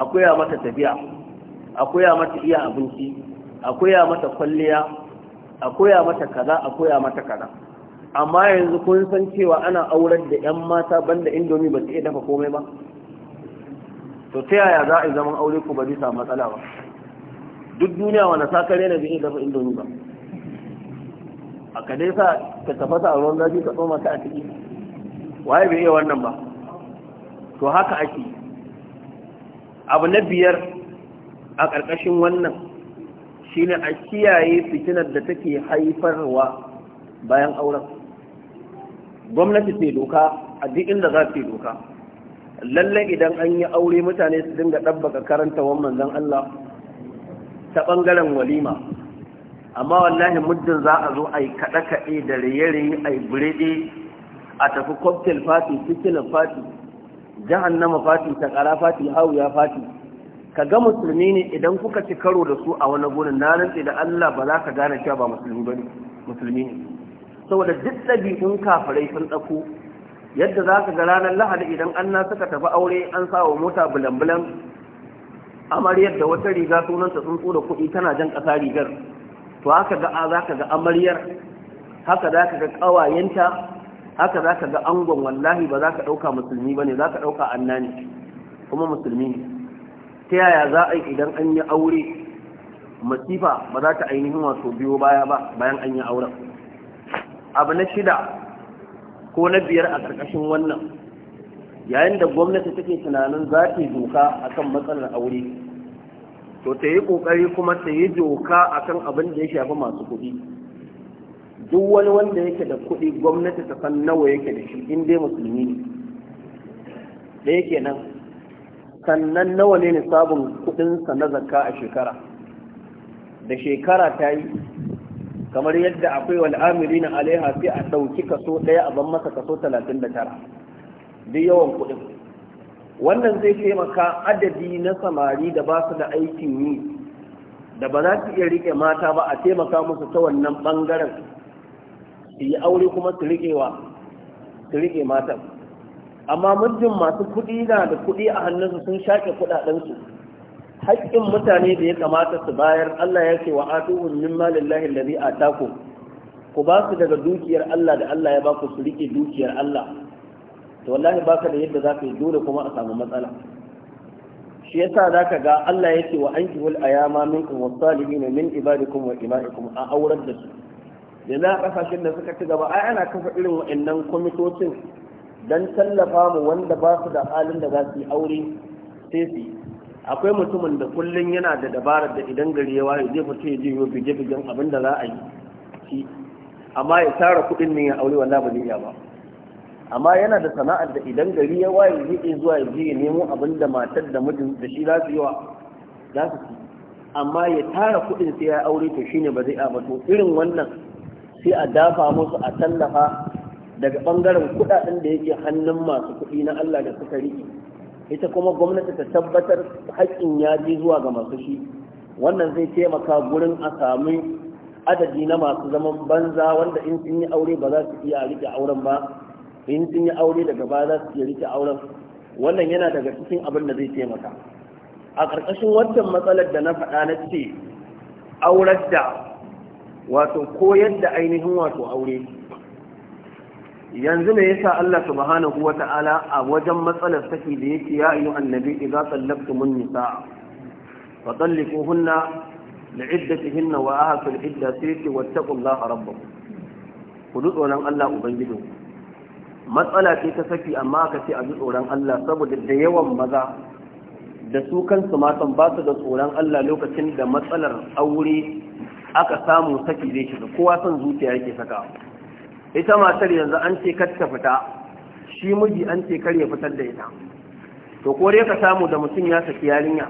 [SPEAKER 1] a koya mata tafiya a koya mata iya abinci a koya mata kwalliya a koya mata kaza a koya mata kaza amma yanzu kun san cewa ana aurar da 'yan mata banda indomi ba su iya dafa komai ba to ta yaya za a yi zaman aure ku ba zai samu matsala ba duk duniya wani sakare na biyu dafa indomi ba a ka dai sa ka tafasa a ruwan zafi ka tsoma ta a ciki waye bai iya wannan ba to haka ake abu na biyar a ƙarƙashin wannan shine a kiyaye fitinar da take haifarwa bayan auren gwamnati ce doka a duk inda za ce doka lallai idan an yi aure mutane su dinga ɗabbaka karanta wannan zan Allah ta ɓangaren walima amma wallahi muddin za a zo a yi kaɗe-kaɗe da raye-raye a yi burede a tafi cocktail fati, cikin fati, jahannama fati, takara fati, hawuya fati ka ga musulmi ne idan kuka ci karo da su a wani gurin na rantsi da Allah ba za ka gane cewa ba musulmi ba musulmi ne saboda duk ɗabi'un kafirai sun tsako yadda za ka ga ranar lahadi idan an na suka tafi aure an sa wa mota bulan-bulan amaryar da wata riga sunanta tsuntsu da kuɗi tana jan ƙasa rigar to haka ga a za ka ga amaryar haka za ka ga ƙawayenta haka za ka ga angon wallahi ba za ka ɗauka musulmi ba ne za ka ɗauka annani kuma musulmi ne ta yaya za a yi idan an yi aure masifa ba za ta ainihin wato biyo baya ba bayan an yi auren abu na shida ko na biyar a ƙarƙashin wannan yayin da gwamnati take tunanin za ta yi doka akan matsalar aure to ta yi ƙoƙari kuma ta yi doka akan abin da ya shafi masu kuɗi duk wani wanda yake da kuɗi gwamnati ta san nawa yake da shi in dai musulmi ne ɗaya kenan sannan nawa ne nisabin kudinsa na zakka a shekara da shekara ta yi kamar yadda akwai wal'amiri na alaiha sai a ɗauki kaso ɗaya a ban masa kaso talatin da tara duk yawan kuɗin wannan zai taimaka adadi na samari da ba su da aikin yi da ba za su iya riƙe mata ba a taimaka musu ta wannan ɓangaren su yi aure kuma su riƙe wa su riƙe matan amma muddin masu kuɗi na da kuɗi a hannunsu sun shaƙe kuɗaɗensu haƙƙin mutane da ya kamata su bayar Allah ya ce wa atuhum min malillahi allazi ku ba su daga dukiyar Allah da Allah ya ku su rike dukiyar Allah to wallahi ka da yadda zaka yi dole kuma a samu matsala shi yasa ka ga Allah ya ce wa ankihul ayama minkum was min ibadikum wa ima'ikum a aurar da su yanzu a kasashen da suka ci gaba ai ana kafa irin wa'annan kwamitocin don tallafa mu wanda ba su da halin da za su yi aure sai su akwai mutumin da kullum yana da dabarar da idan gari ya waye zai fito ya je yo bige bigen abin da za a yi shi amma ya tara kuɗin ne ya aure wallahi ba zai iya ba amma yana da sana'ar da idan gari ya waye zai iya zuwa ya je ya nemo abin da matar da mijin da shi za su yi wa za su ci amma ya tara kuɗin sai ya aure to shine ba zai iya ba to irin wannan sai a dafa musu a tallafa daga bangaren kuɗaɗen da yake hannun masu kuɗi na Allah da suka riƙe ita kuma gwamnati ta tabbatar haƙƙin ya ji zuwa ga masu shi wannan zai taimaka gurin a sami adadi na masu zaman banza wanda in sun yi aure ba za su iya riƙe auren ba in sun yi aure daga ba za su iya riƙe auren wannan yana daga cikin abin da zai taimaka a ƙarƙashin wancan matsalar da na faɗa na ce aurar da wato koyar da ainihin wato aure yanzu me yasa Allah subhanahu wata'ala a wajen matsalar saki da yake ya ayyu annabi idza tallaqtumun nisaa fa talliquhunna li'iddatihinna wa ahsul idda sayti wattaqullaha rabbakum ku ji tsoron Allah ubangiji matsala ce ta saki amma ka ce a ji tsoron Allah saboda da yawan maza da su kansu matan ba su da tsoron Allah lokacin da matsalar aure aka samu saki zai shiga kowa son zuciya yake sakawa ita matar yanzu an ce kar ta fita shi miji an ce kar ya fitar da ita to ko dai ka samu da mutum ya saki yarinya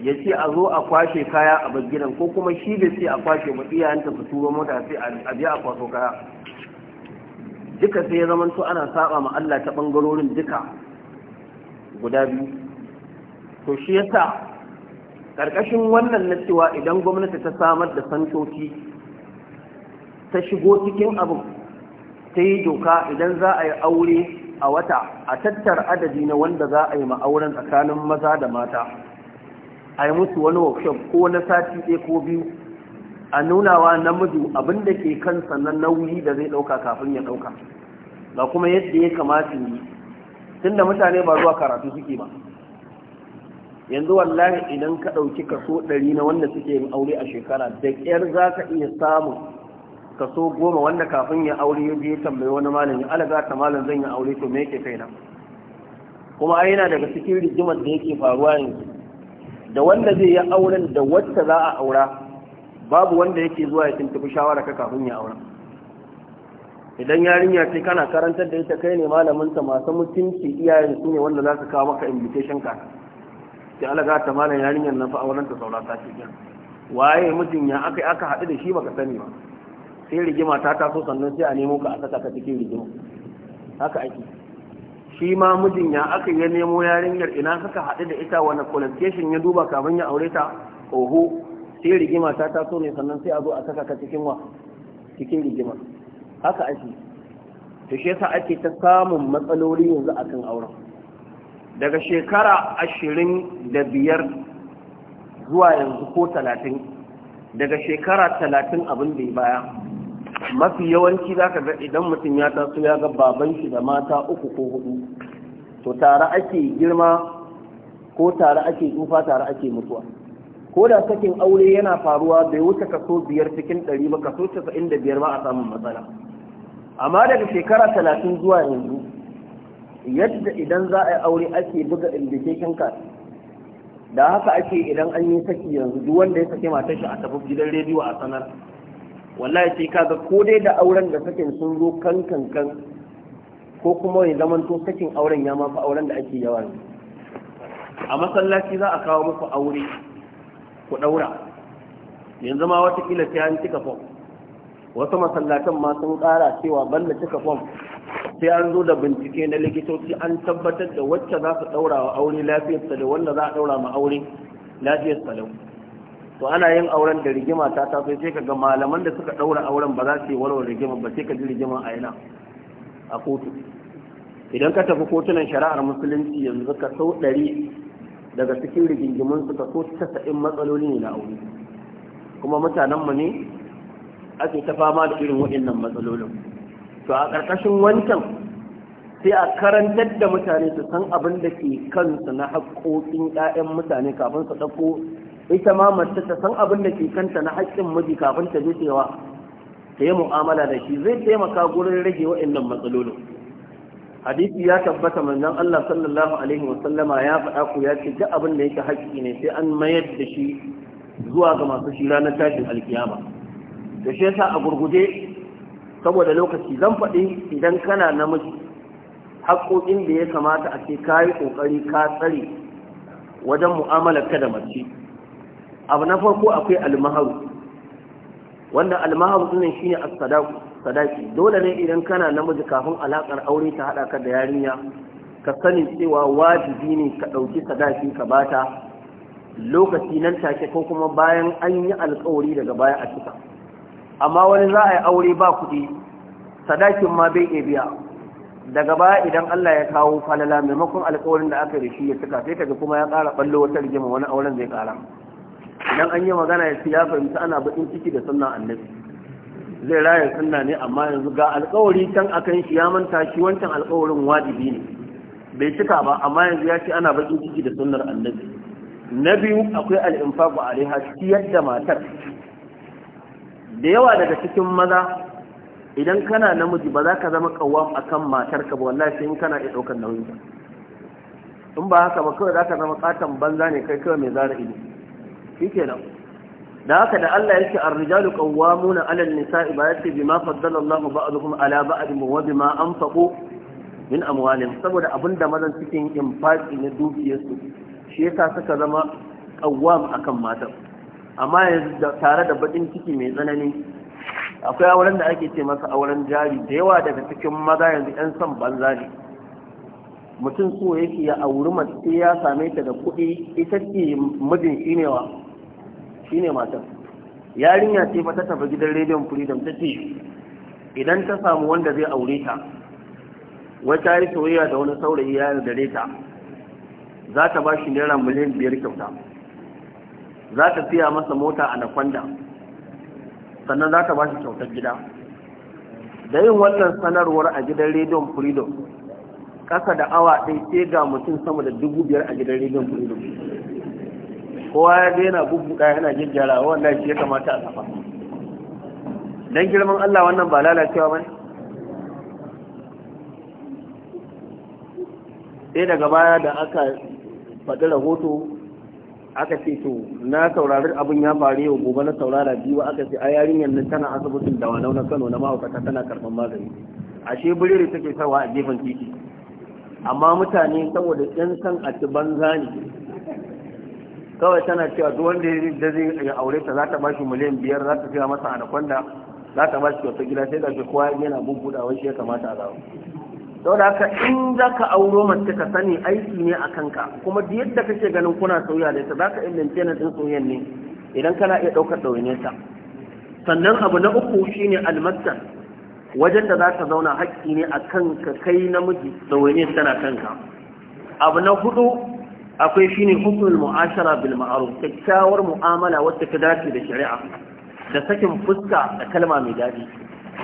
[SPEAKER 1] ya ce a zo a kwashe kaya a gidan ko kuma shi bai ce a kwashe ba iyayenta su turo mota sai a biya a kwaso kaya duka sai ya zamanto ana saba ma Allah ta bangarorin duka guda biyu to shi yasa karkashin wannan na idan gwamnati ta samar da santoci ta shigo cikin abin ta yi doka idan za a yi aure a wata a tattar adadi na wanda za a yi ma'auren tsakanin maza da mata a yi musu wani workshop ko na sati ɗaya ko biyu a nunawa namiji abin da ke kan sannan nauyi da zai ɗauka kafin ya ɗauka ga kuma yadda ya kamata yi tunda mutane ba zuwa karatu suke ba yanzu wallahi idan ka ɗauki kaso ɗari na wanda suke yin aure a shekara da ƙyar za ka iya samun kaso goma wanda kafin ya aure ya je ya tambayi wani malami alaga ta malam zan yi aure to me yake na kuma ai yana daga cikin rigimar da yake faruwa yanzu da wanda zai yi auren da wacce za a aura babu wanda yake zuwa ya tuntubi shawara ka kafin ya aura idan yarinya ce kana karantar da ita kai ne malamin ta masu mutunci iyayen su ne wanda za su kawo maka invitation ka sai alaga ta malam yarinyar nan fa auren ta saurata ce waye mijin ya aka aka haɗu da shi baka sani ba sai rigima ta taso sannan sai a nemo ka a saka ka cikin rigima haka ake shi ma mijin ya aka ya nemo yarinyar ina suka haɗu da ita wani qualification ya duba kafin ya aure ta oho sai rigima ta taso ne sannan sai a zo a saka ka cikin wa cikin rigima haka ake to shi yasa ake ta samun matsaloli yanzu akan auren daga shekara ashirin da biyar zuwa yanzu ko talatin daga shekara talatin abin da ya baya mafi yawanci za ka ga idan mutum ya taso ya ga baban shi da mata uku ko hudu to tare ake girma ko tare ake tsufa tare ake mutuwa ko da sakin aure yana faruwa bai wuce kaso biyar cikin ɗari ba kaso casa'in da biyar ba a samun matsala amma daga shekara talatin zuwa yanzu yadda idan za a yi aure ake buga indication card da haka ake idan an yi saki yanzu duk wanda ya saki matar shi a tafi gidan rediyo a sanar wallahi sai kaga ko dai da auren da sakin sun zo kan kan ko kuma ya zaman to sakin auren ya mafi auren da ake yawa a masallaci za a kawo muku aure ku daura yanzu ma wata watakila sai an cika fom wasu masallatan ma sun kara cewa banda cika fom sai an zo da bincike na likitoci an tabbatar da wacce za su daura wa aure lafiyarsa da wanda za a daura ma aure lafiyarsa lau to ana yin auren da rigima ta taso sai ka ga malaman da suka daura auren ba za su yi warware rigima ba sai ka ji rigima a yana a kotu idan ka tafi kotunan shari'ar musulunci yanzu ka sau ɗari daga cikin rigingimin su ka so tasa'in matsaloli ne na aure kuma mutanenmu ne ake ta fama da irin waɗannan matsalolin to a ƙarƙashin wancan sai a karantar da mutane su san abin da ke kansu na haƙoƙin 'ya'yan mutane kafin su ɗauko ita ma mace ta san abin da ke kanta na haƙƙin miji kafin ta je cewa ta yi mu'amala da shi zai taimaka gurin rage waɗannan matsalolin hadisi ya tabbata manzon Allah sallallahu alaihi wasallama ya faɗa ku ya ce duk abin da yake haƙƙi ne sai an mayar da shi zuwa ga masu shi ranar tashin alkiyama da shi yasa a gurguje saboda lokaci zan faɗi idan kana namiji haƙoƙin da ya kamata a ce ka yi ƙoƙari ka tsare wajen mu'amalar ka da mace abu na farko akwai almaharu wanda almaharu sunan shine ne sadaki dole ne idan kana namiji kafin alakar aure ta haɗa ka da yarinya ka sani cewa wajibi ne ka ɗauki sadaki ka bata lokaci nan take ko kuma bayan an yi alkawari daga baya a cika amma wani za a yi aure ba kuɗi sadakin ma bai iya biya daga baya idan Allah ya kawo falala maimakon alkawarin da aka yi da shi ya cika sai kaga kuma ya ƙara ballo wata rigima wani auren zai ƙara idan an yi magana ya ce ya fahimci ana bakin ciki da sunan annabi zai raya sunna ne amma yanzu ga alkawari can akan shi ya manta shi wancan alkawarin wajibi ne bai cika ba amma yanzu ya ce ana bakin ciki da sunnar annabi na biyu akwai al'infaku a reha ciyar da matar da yawa daga cikin maza idan kana namiji ba za ka zama kawam a kan matarka ba wallahi sai kana iya ɗaukar nauyin in ba haka ba kawai za ka zama katon banza ne kai kawai mai zara ido shikenan da haka da Allah yake ar-rijalu qawwamuna alan an-nisa'i ba yace bima faddala Allahu ba'dhum 'ala ba'dhin wa bima anfaqu min amwalihim saboda abinda mazan cikin infaqi na dukiyarsu shi yasa suka zama qawwam akan matan amma yanzu tare da bakin ciki mai tsanani akwai auren da ake ce masa auren jari da yawa daga cikin maza yanzu yan son banza ne mutum so yake ya auri mace ya same ta da kuɗi ita ce mijin shi ne wa shine matan yarinya ce fa tafi gidan rediyon freedom ta ce idan ta samu wanda zai aure ta wata yi soyayya da wani saurayi ya dare ta za ta ba shi naira miliyan biyar kyauta za ta siya masa mota a nakwanda sannan za ta ba shi kyautar gida da yin wannan sanarwar a gidan rediyon freedom kasa da awa ɗaya sai ga mutum sama da dubu biyar a gidan rediyon freedom kowa ya ga yana bubbuka yana gyaggyara wannan shi ya kamata a safa dan girman Allah wannan ba lalacewa bane sai daga baya da aka faɗi rahoto aka ce to na saurari abin ya faru yau gobe na saurara biyu aka ce a yarinyar nan tana asibitin da wanau na Kano na mahaukata tana karɓar magani ashe buriri take sawa a gefen titi amma mutane saboda yan san a ci banza ne kawai tana cewa duk wanda ya da zai aure ta za ta bashi miliyan biyar za ta siya masa anaconda za ta bashi kyauta gida sai da kowa yana bubbuda wai shi ya kamata a zawo saboda haka in za ka auro mace ka sani aiki ne a kanka kuma duk yadda kake ganin kuna sauya da ita za ka illance na din soyayya ne idan kana iya ɗaukar ta sannan abu na uku shine almaskan wajen da za ka zauna haƙƙi ne a kanka kai namiji ɗawainiyar tana kanka abu na hudu akwai shine hukumul mu'ashara bil ma'ruf mu'amala wacce ta dace da shari'a da sakin fuska da kalma mai daɗi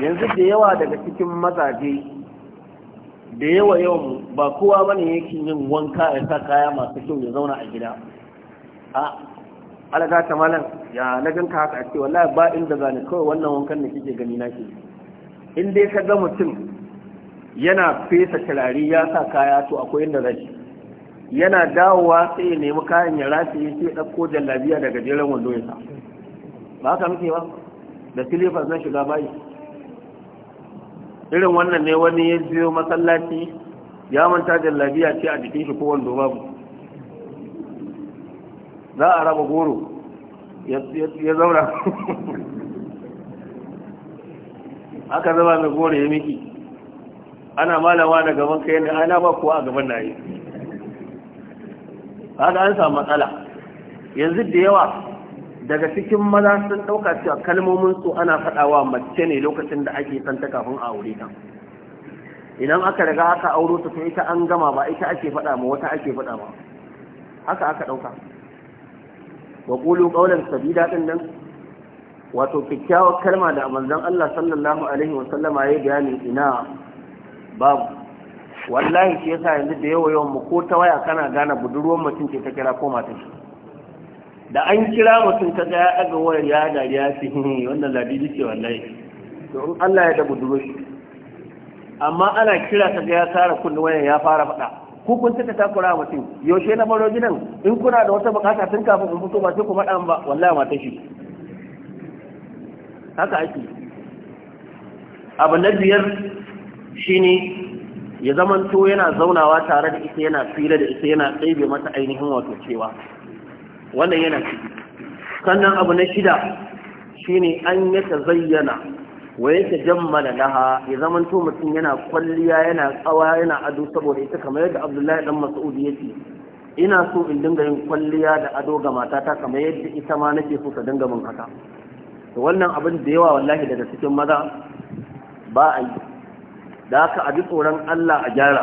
[SPEAKER 1] yanzu da yawa daga cikin mazaje da yawa yawan ba kowa bane yake yin wanka ya sa kaya masu kyau ya zauna a gida a alaga ta malam ya na ganka haka a ce wallahi ba inda zani kawai wannan wankan da kike gani na ke in dai ka ga mutum yana fesa turare ya sa kaya to akwai inda zai yana dawowa sai ya nemi kayan ya rataye sai ya ɗauko jallabiya daga jiran wando ya sa ba haka muke ba da silifas na shiga bayi irin wannan ne wani ya biyo masallaci ya manta jallabiya ce a jikin shi ko wando babu za a raba goro ya zaura <laughs> aka zama mai goro ya miki ana malama da gaban kai ne ana ba kuwa a gaban na yi kaga an samu matsala yanzu da yawa daga cikin maza sun ɗauka cewa kalmomin su ana faɗawa mace ne lokacin da ake son ta kafin a aure ta idan aka riga aka auro ta sai ita an gama ba ita ake faɗa ma wata ake faɗa ma haka aka ɗauka wa qulu qawlan sadida din nan wato kyakkyawar kalma da manzon Allah sallallahu alaihi wa sallama ya bayani ina babu wallahi shi yasa yanzu da yawa yawan mu ko ta waya kana gane budurwar mutum ce ta kira ko matan shi da an kira mutum ta ga ya daga wayar ya dariya ce hmm, wannan ladidi ce wallahi to in Allah ya da budurwar shi amma ana kira ta ga ya tsara kun wayar ya fara faɗa ko kun ta takura mutum yaushe na maro gidan in kuna da wata bukata tun kafin in fito ba sai ku faɗa ba wallahi matan shi haka ake abu na biyar shine ya zamanto yana zaunawa tare da ita yana fira da ita yana tsaye mata ainihin wato cewa wannan yana ciki sannan abu na shida shine an ya zayyana wa yake jammala laha ya zamanto mutum yana kwalliya yana tsawa yana ado saboda ita kamar yadda Abdullahi dan Mas'ud yake ina so in dinga yin kwalliya da ado ga matata kamar yadda ita ma nake so ta dinga min haka wannan abin da yawa wallahi daga cikin maza ba a yi da haka a ji tsoron Allah a gyara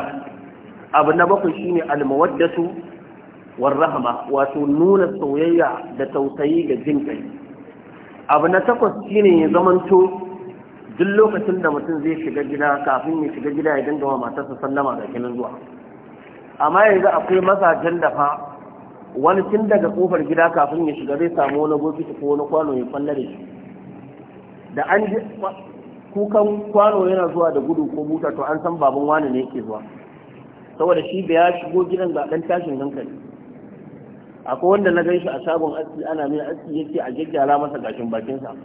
[SPEAKER 1] abu na bakwai shine almawaddatu war rahama wato nuna soyayya da tausayi ga jin kai abu na takwas shine ya zamanto duk lokacin da mutum zai shiga gida kafin ya shiga gida ya dinga wa matarsa sallama da kinin zuwa amma yanzu akwai mazajen da fa wani tun daga kofar gida kafin ya shiga zai samu wani bokiti ko wani kwano ya kwallare da shi da an kukan kwano yana zuwa da gudu ko buta to an san baban wani ne yake zuwa saboda shi da ya shigo gidan ga dan tashin hankali akwai wanda na gaishe a shagon aski ana mai aski yake a gyaggyara masa gashin bakinsa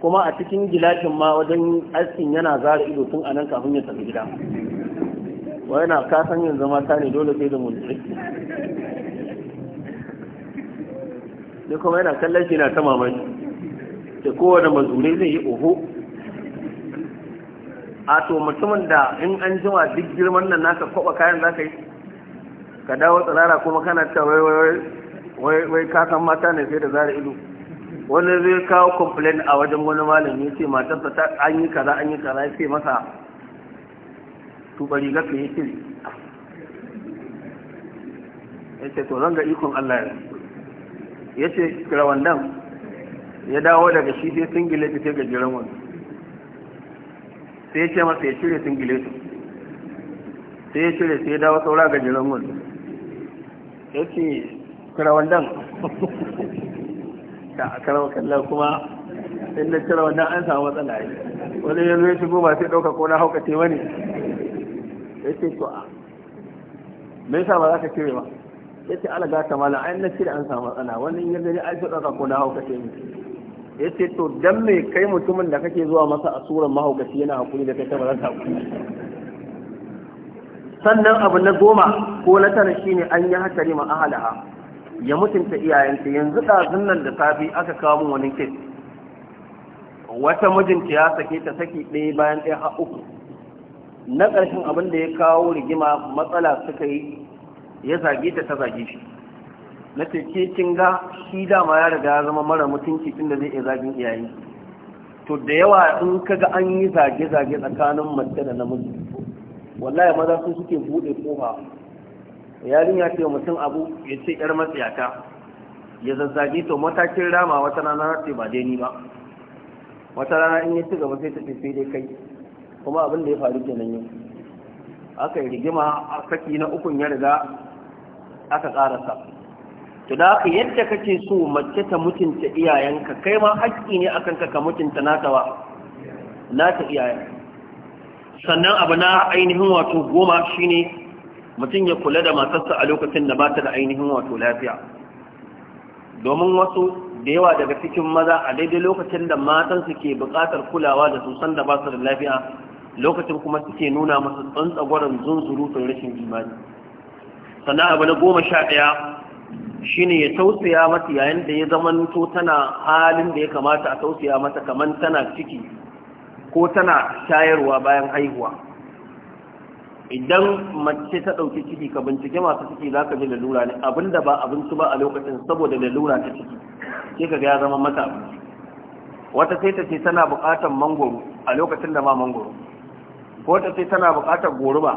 [SPEAKER 1] kuma a cikin gilashin ma wajen askin yana za su ido tun anan nan kafin ya tafi gida wai na kasan yin zama ta ne dole sai da mulki ne kuma yana kallon shi na ta mamaki da kowane mazure zai yi oho a to mutumin da in an jima duk girman nan naka kwaba kayan za ka yi ka dawo tsirara kuma kana ta wai wai kakan mata ne sai da zara ido wani zai kawo komplain a wajen wani malami ce matarsa ta an yi kaza an yi kaza ya ce masa tubari ga kai kiri ya ce to zan ga ikon Allah ya ya ce rawan ya dawo daga shi sai singile ta ga gajeren wani sai ya ce masa ya cire su sai ya cire sai ya dawo saura ga jiran wani ya ce kira wandan <laughs> ta a karawa kalla kuma inda na cire wandan an samu matsala ya wani yanzu ya shigo ba sai ɗauka ko na hauka ce wani ya ce to a me sa ba za ka cire ba ya ce ala gata mala an na cire an samu matsala wani yanzu ya aiki ɗauka ko na hauka ce wani ya ce to dan me kai mutumin da kake zuwa masa a mahaukaci yana hakuri da kai ta bazanta sannan abu na goma ko na tara shine an yi hatari ma ahalaha ya mutunta iyayenta yanzu ɗazun nan da safi aka kawo wani kes wata mijinta ya sake ta saki ɗaya bayan ɗaya har uku na ƙarshen abin da ya kawo rigima matsala suka yi ya zage ta ta zage shi na ce ke kin ga shi dama ya riga ya zama mara mutunci da zai iya zagin iyaye to da yawa in kaga an yi zage-zage tsakanin mace da namiji wallahi maza su suke buɗe kofa yarinya ce mutum abu ya ce yar matsiyata ya zazzage to matakin rama wata rana na ce ba dai ni ba wata rana in ya ci gaba sai ta tafi dai kai kuma abin da ya faru kenan yau aka yi rigima a saki na ukun ya riga aka karasa to da haka yadda kake so mace ta mutunta iyayenka kai ma haƙƙi ne akan ka ka mutunta nata wa nata iyayen sannan abu na ainihin wato goma shine mutum ya kula da matarsa a lokacin da ba ta da ainihin wato lafiya domin wasu da yawa daga cikin maza a daidai lokacin da matansu ke buƙatar kulawa da su san da ba su da lafiya lokacin kuma suke nuna masu tsantsagwaron zunzurutun rashin imani sannan abu na goma sha ɗaya shine ya tausaya mata yayin da ya zamanto tana halin da ya kamata a tausaya mata kamar tana ciki ko tana shayarwa bayan haihuwa idan mace ta ɗauki ciki ka bincike masu ciki za ka ji lalura ne abinda ba abinci ba a lokacin saboda lalura ta ciki sai ka ga ya zama mata abinci wata sai ta ce tana buƙatar mangoro a lokacin da ma mangoro ko ta ce tana buƙatar goruba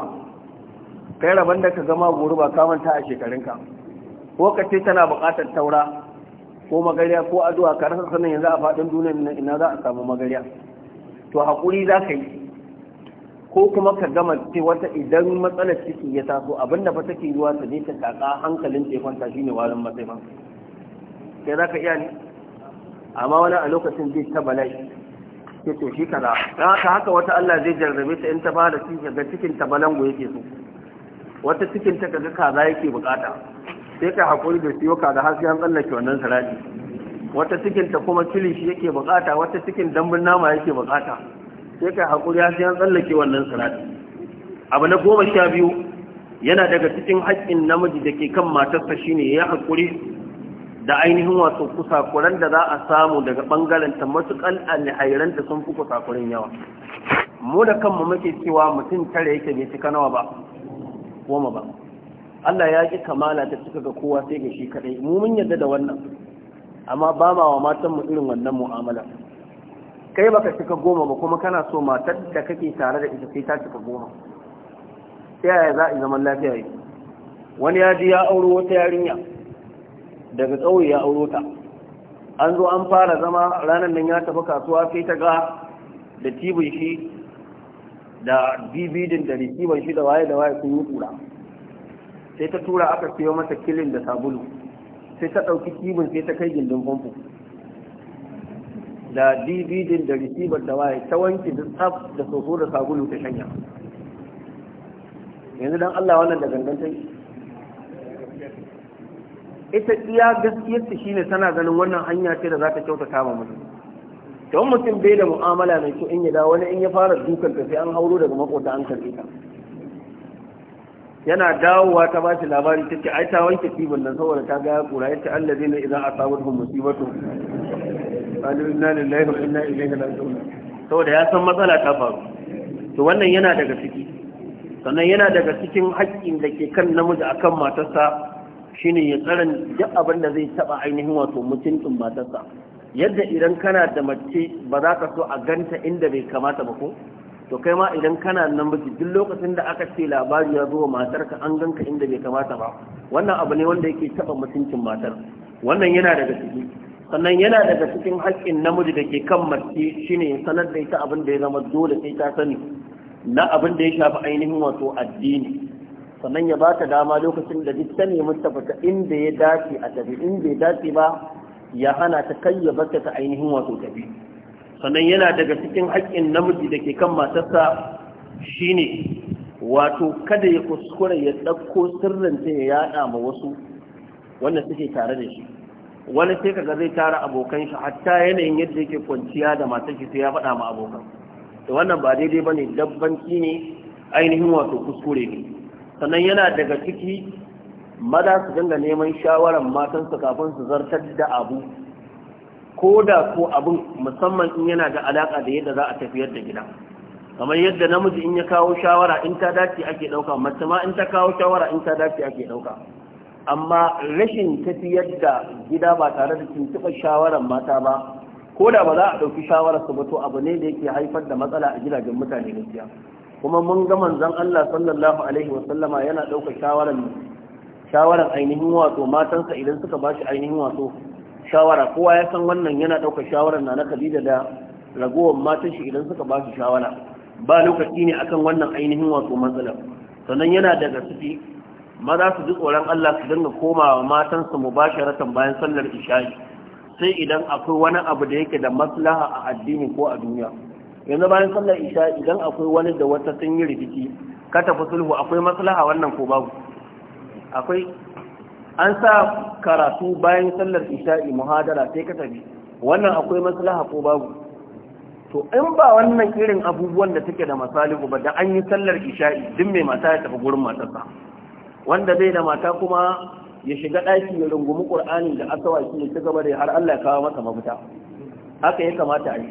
[SPEAKER 1] kai rabon da ka gama goruba ka manta a shekarunka ko ka ce tana buƙatar taura ko magariya ko addu'a ka rasa sanin yanzu a faɗin duniyar nan ina za a samu magariya to haƙuri za ka yi ko kuma ka gama ce wata idan matsalar ciki ya taso abinda fa take ruwa ta je ta kaka hankalin ta kwanta shine warin matsayin sai za ka iya ne amma wani a lokacin zai ta bala'i ke to shi kaza don haka haka wata Allah zai jarrabe ta in ta fara ciki ga cikin ta balango yake so wata cikin ta kaga kaza yake bukata sai ka haƙuri da siyoka da haske an tsallake wannan sarari wata cikin ta kuma kilishi yake bukata wata cikin dambun nama yake bukata sai ka haƙuri haske an tsallake wannan sarari abu na goma sha biyu yana daga cikin haƙƙin namiji da ke kan matarsa shine ya hakuri da ainihin wato kusakuran da za a samu daga bangaren ta matuƙan alhairanta sun fi kusakurin yawa mu da kanmu muke cewa mutum tare yake bai cika nawa ba goma ba Allah ya ƙi kamala ta cika ga kowa sai ga shi kaɗai mu mun yarda da wannan amma ba ma wa matanmu irin wannan mu'amala kai baka cika goma ba kuma kana so matar da kake tare da ita sai ta cika goma ta yaya za a zaman lafiya yi wani ya ji ya auro wata yarinya daga tsawo ya auro ta an zo an fara zama ranar nan ya tafi kasuwa sai ta ga da tibin shi da bibidin da rikiban shi da waye da waye sun yi kura sai ta tura aka siyo masa kilin da sabulu sai ta ɗauki kibin sai ta kai gindin famfo da dvd da receiver da waye ta wanke da tsaf da soso da sabulu ta shanya yanzu dan Allah wannan da gangantai ita iya gaskiyarta shine tana ganin wannan hanya ce da za ta kyautata ma mutum don mutum bai da mu'amala mai kyau in ya dawo wani in ya fara dukan ta sai an hauro daga makota an karbe ta yana dawowa ta ba shi labari ta ce ai ta wanke tibin nan saboda ta ga kura ya ce allazi ne idan a samu hun musibatu qalu inna lillahi wa inna ilaihi raji'un saboda ya san matsala ta faru to wannan yana daga ciki sannan yana daga cikin haƙƙin da ke kan namiji akan matarsa shine ya tsaran duk abin da zai taba ainihin wato mutuncin matarsa yadda idan kana da mace ba za ka so a ganta inda bai kamata ba ko to kai ma idan kana nan baki duk lokacin da aka ce labari ya zo matarka an ganka inda bai kamata ba wannan abu ne wanda yake taba mutuncin matar wannan yana daga ciki sannan yana daga cikin haƙƙin namiji da ke kan mace shine sanar da ita abin da ya zama dole sai ta sani na abin da ya shafi ainihin wato addini sannan ya bata dama lokacin da duk ta nemi ta fita inda ya dace a tafi inda ya dace ba ya hana ta kai ya ta ainihin wato tafi sannan yana daga cikin haƙƙin namiji da ke kan matarsa ne, wato kada ya kuskura ya ɗauko sirrinta ya yaɗa ma wasu wanda suke tare da shi wani sai kaga zai tara abokan shi hatta yanayin yadda yake kwanciya da matar shi sai ya faɗa ma abokan to wannan ba daidai ba ne dabbanci ne ainihin wato kuskure ne sannan yana daga ciki maza su dinga neman shawaran matansu kafin su zartar da abu ko da ko abin musamman in yana da alaka da yadda za a tafiyar da gida kamar yadda namiji in ya kawo shawara in ta dace ake ɗauka mace ma in ta kawo shawara in ta dace ake ɗauka amma rashin tafiyar da gida ba tare da tuntuɓa shawarar mata ba ko da ba za a ɗauki shawararsu ba to abu ne da yake haifar da matsala a gidajen mutane gaskiya kuma mun ga manzon Allah sallallahu alaihi wa sallama yana ɗauka shawarar shawarar ainihin wato matansa idan suka bashi ainihin wato shawara kowa ya san wannan yana ɗaukar shawarar na na khadija da ragowar matan shi idan suka ba su shawara ba lokaci ne akan wannan ainihin wato matsalar sannan yana daga ciki maza su ji tsoron Allah su dinga komawa matansu mubasharatan bayan sallar isha'i sai idan akwai wani abu da yake da maslaha a addini ko a duniya yanzu bayan sallar isha'i idan akwai wani da wata sun yi rikici ka tafi sulhu akwai maslaha wannan ko babu akwai an sa karatu bayan sallar isha'i muhadara sai ka tafi wannan akwai maslaha ko babu to in ba wannan irin abubuwan da take da masalihu ba da an yi sallar isha'i duk mai mata ya tafi gurin matarsa wanda zai da mata kuma ya shiga ɗaki ya rungumi qur'ani da asawaki ya ci gaba da har Allah ya kawo masa mafita haka ya kamata a yi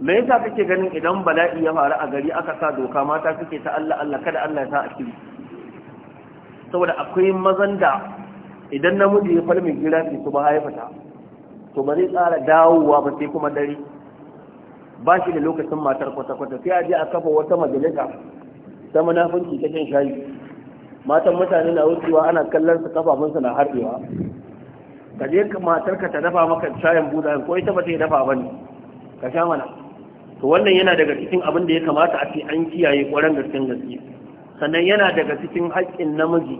[SPEAKER 1] me yasa kake ganin idan bala'i ya faru a gari aka sa doka mata suke ta Allah Allah kada Allah ya sa a kiri saboda akwai mazan da idan namiji ya gira su kuma haifata to ba zai tsara dawowa ba sai kuma dare ba shi da lokacin matar kwata-kwata sai a je a kafa wata majalisa ta munafunci ta shan shayi matan mutane na wucewa ana kallon su kafafunsa na harbewa ka je matar ka ta dafa maka shayin buda ko ita ba ta dafa ba ne ka sha mana to wannan yana daga cikin abin da ya kamata a ce an kiyaye ƙwarar gaskin gaske sannan yana daga cikin haƙƙin namiji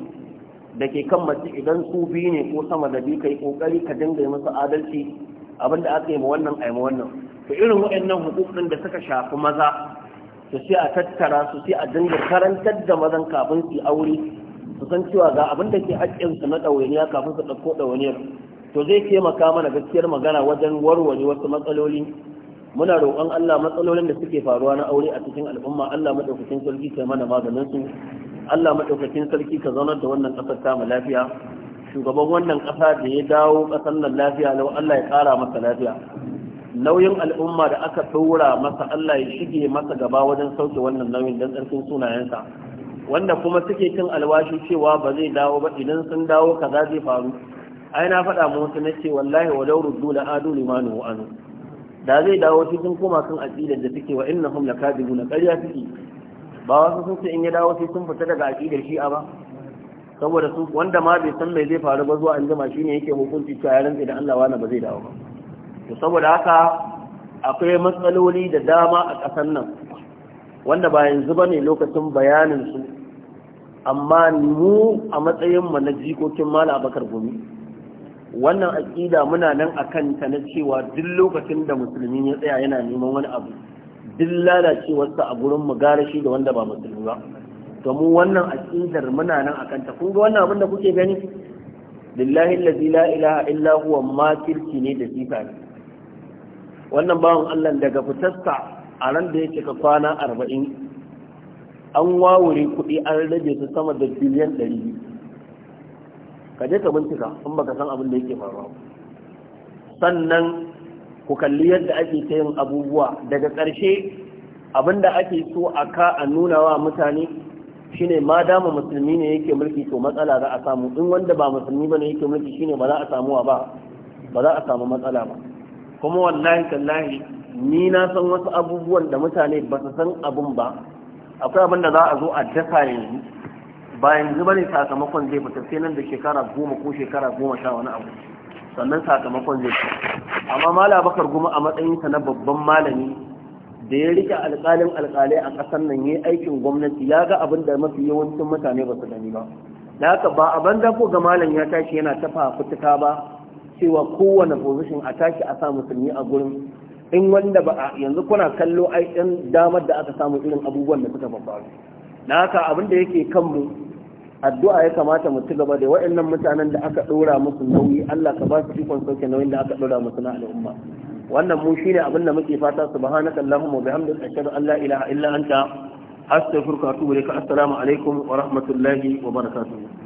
[SPEAKER 1] da ke kan mace idan su biyu ne ko sama da biyu kai kokari ka dinga masu adalci abinda aka yi ma wannan a yi ma wannan to irin waɗannan hukukun da suka shafi maza su sai a tattara su sai a dinga karantar da mazan kafin su aure su san cewa ga abin da ke haƙƙin su na ɗawainiya kafin su ɗauko ɗawainiyar to zai taimaka mana gaskiyar magana wajen warware wasu matsaloli muna roƙon Allah matsalolin da suke faruwa na aure a cikin al'umma Allah madaukakin sarki ka mana maganin su Allah madaukakin sarki ka zaunar da wannan ƙasar ta mu lafiya shugaban wannan ƙasa da ya dawo ƙasar nan lafiya lau Allah ya ƙara masa lafiya nauyin al'umma da aka tura masa Allah ya shige masa gaba wajen sauke wannan nauyin don ƙarfin sunayensa wanda kuma suke cin alwashi cewa ba zai dawo ba idan sun dawo kaza zai faru ai na faɗa mu wasu na ce wallahi wa dauru dula adu limanu anu da zai dawo shi sun koma kan aqidar da take wa innahum lakadibun qariya suke ba wasu sun ce in ya dawo sai sun fita daga aqidar a ba saboda su wanda ma bai san mai zai faru ba zuwa an jima ne yake hukunci cewa ya rantsa da Allah wani ba zai dawo ba to saboda haka akwai matsaloli da dama a ƙasar nan wanda ba yanzu ne lokacin bayanin su amma mu a matsayin mu na jikokin mala abakar gumi wannan aƙida muna nan a kanta na cewa duk lokacin da musulmi ya tsaya yana neman wani abu duk lalacewarsa a gurin mu gara shi da wanda ba musulmi ba to mu wannan aƙidar muna nan a kanta kun ga wannan abin da kuke gani lillahi allazi la ilaha illa huwa makirci ne da sifa wannan bawan Allah daga fitarsa a ran da ya cika kwana arba'in an wawure kuɗi an rage su sama da biliyan ɗari ka je ka bincika in baka san abin da yake faruwa sannan ku kalli yadda ake ta yin abubuwa daga ƙarshe abin da ake so a ka a nuna wa mutane shine ma dama musulmi ne yake mulki to matsala za a samu in wanda ba musulmi bane yake mulki shine ba za a samu ba ba za a samu matsala ba kuma wallahi tallahi ni na san wasu abubuwan da mutane ba su san abun ba akwai abin da za a zo a dasa yanzu ba yanzu ne sakamakon zai fita sai nan da shekara goma ko shekara goma sha wani abu sannan sakamakon zai fita amma mala bakar goma a matsayinsa na babban malami da ya rike alƙalin alƙalai a ƙasar nan ya aikin gwamnati ya ga abin da mafi yawancin mutane ba su gani ba da haka ba a banza ko ga malam ya tashi yana tafa fituka ba cewa kowane position a tashi a sa musulmi a gurin in wanda ba a yanzu kuna kallo ai damar da aka samu irin abubuwan da suka faru da haka abin da yake kanmu addu'a ya kamata mu ci gaba da waɗannan mutanen da aka ɗora musu nauyi Allah ka ba su ikon sauke nauyin da aka ɗora musu na al'umma wannan mu shine abin da muke fata subhanaka allahumma wa bihamdika ashhadu an la ilaha illa anta astaghfiruka wa atubu ilaik assalamu alaikum wa rahmatullahi wa barakatuh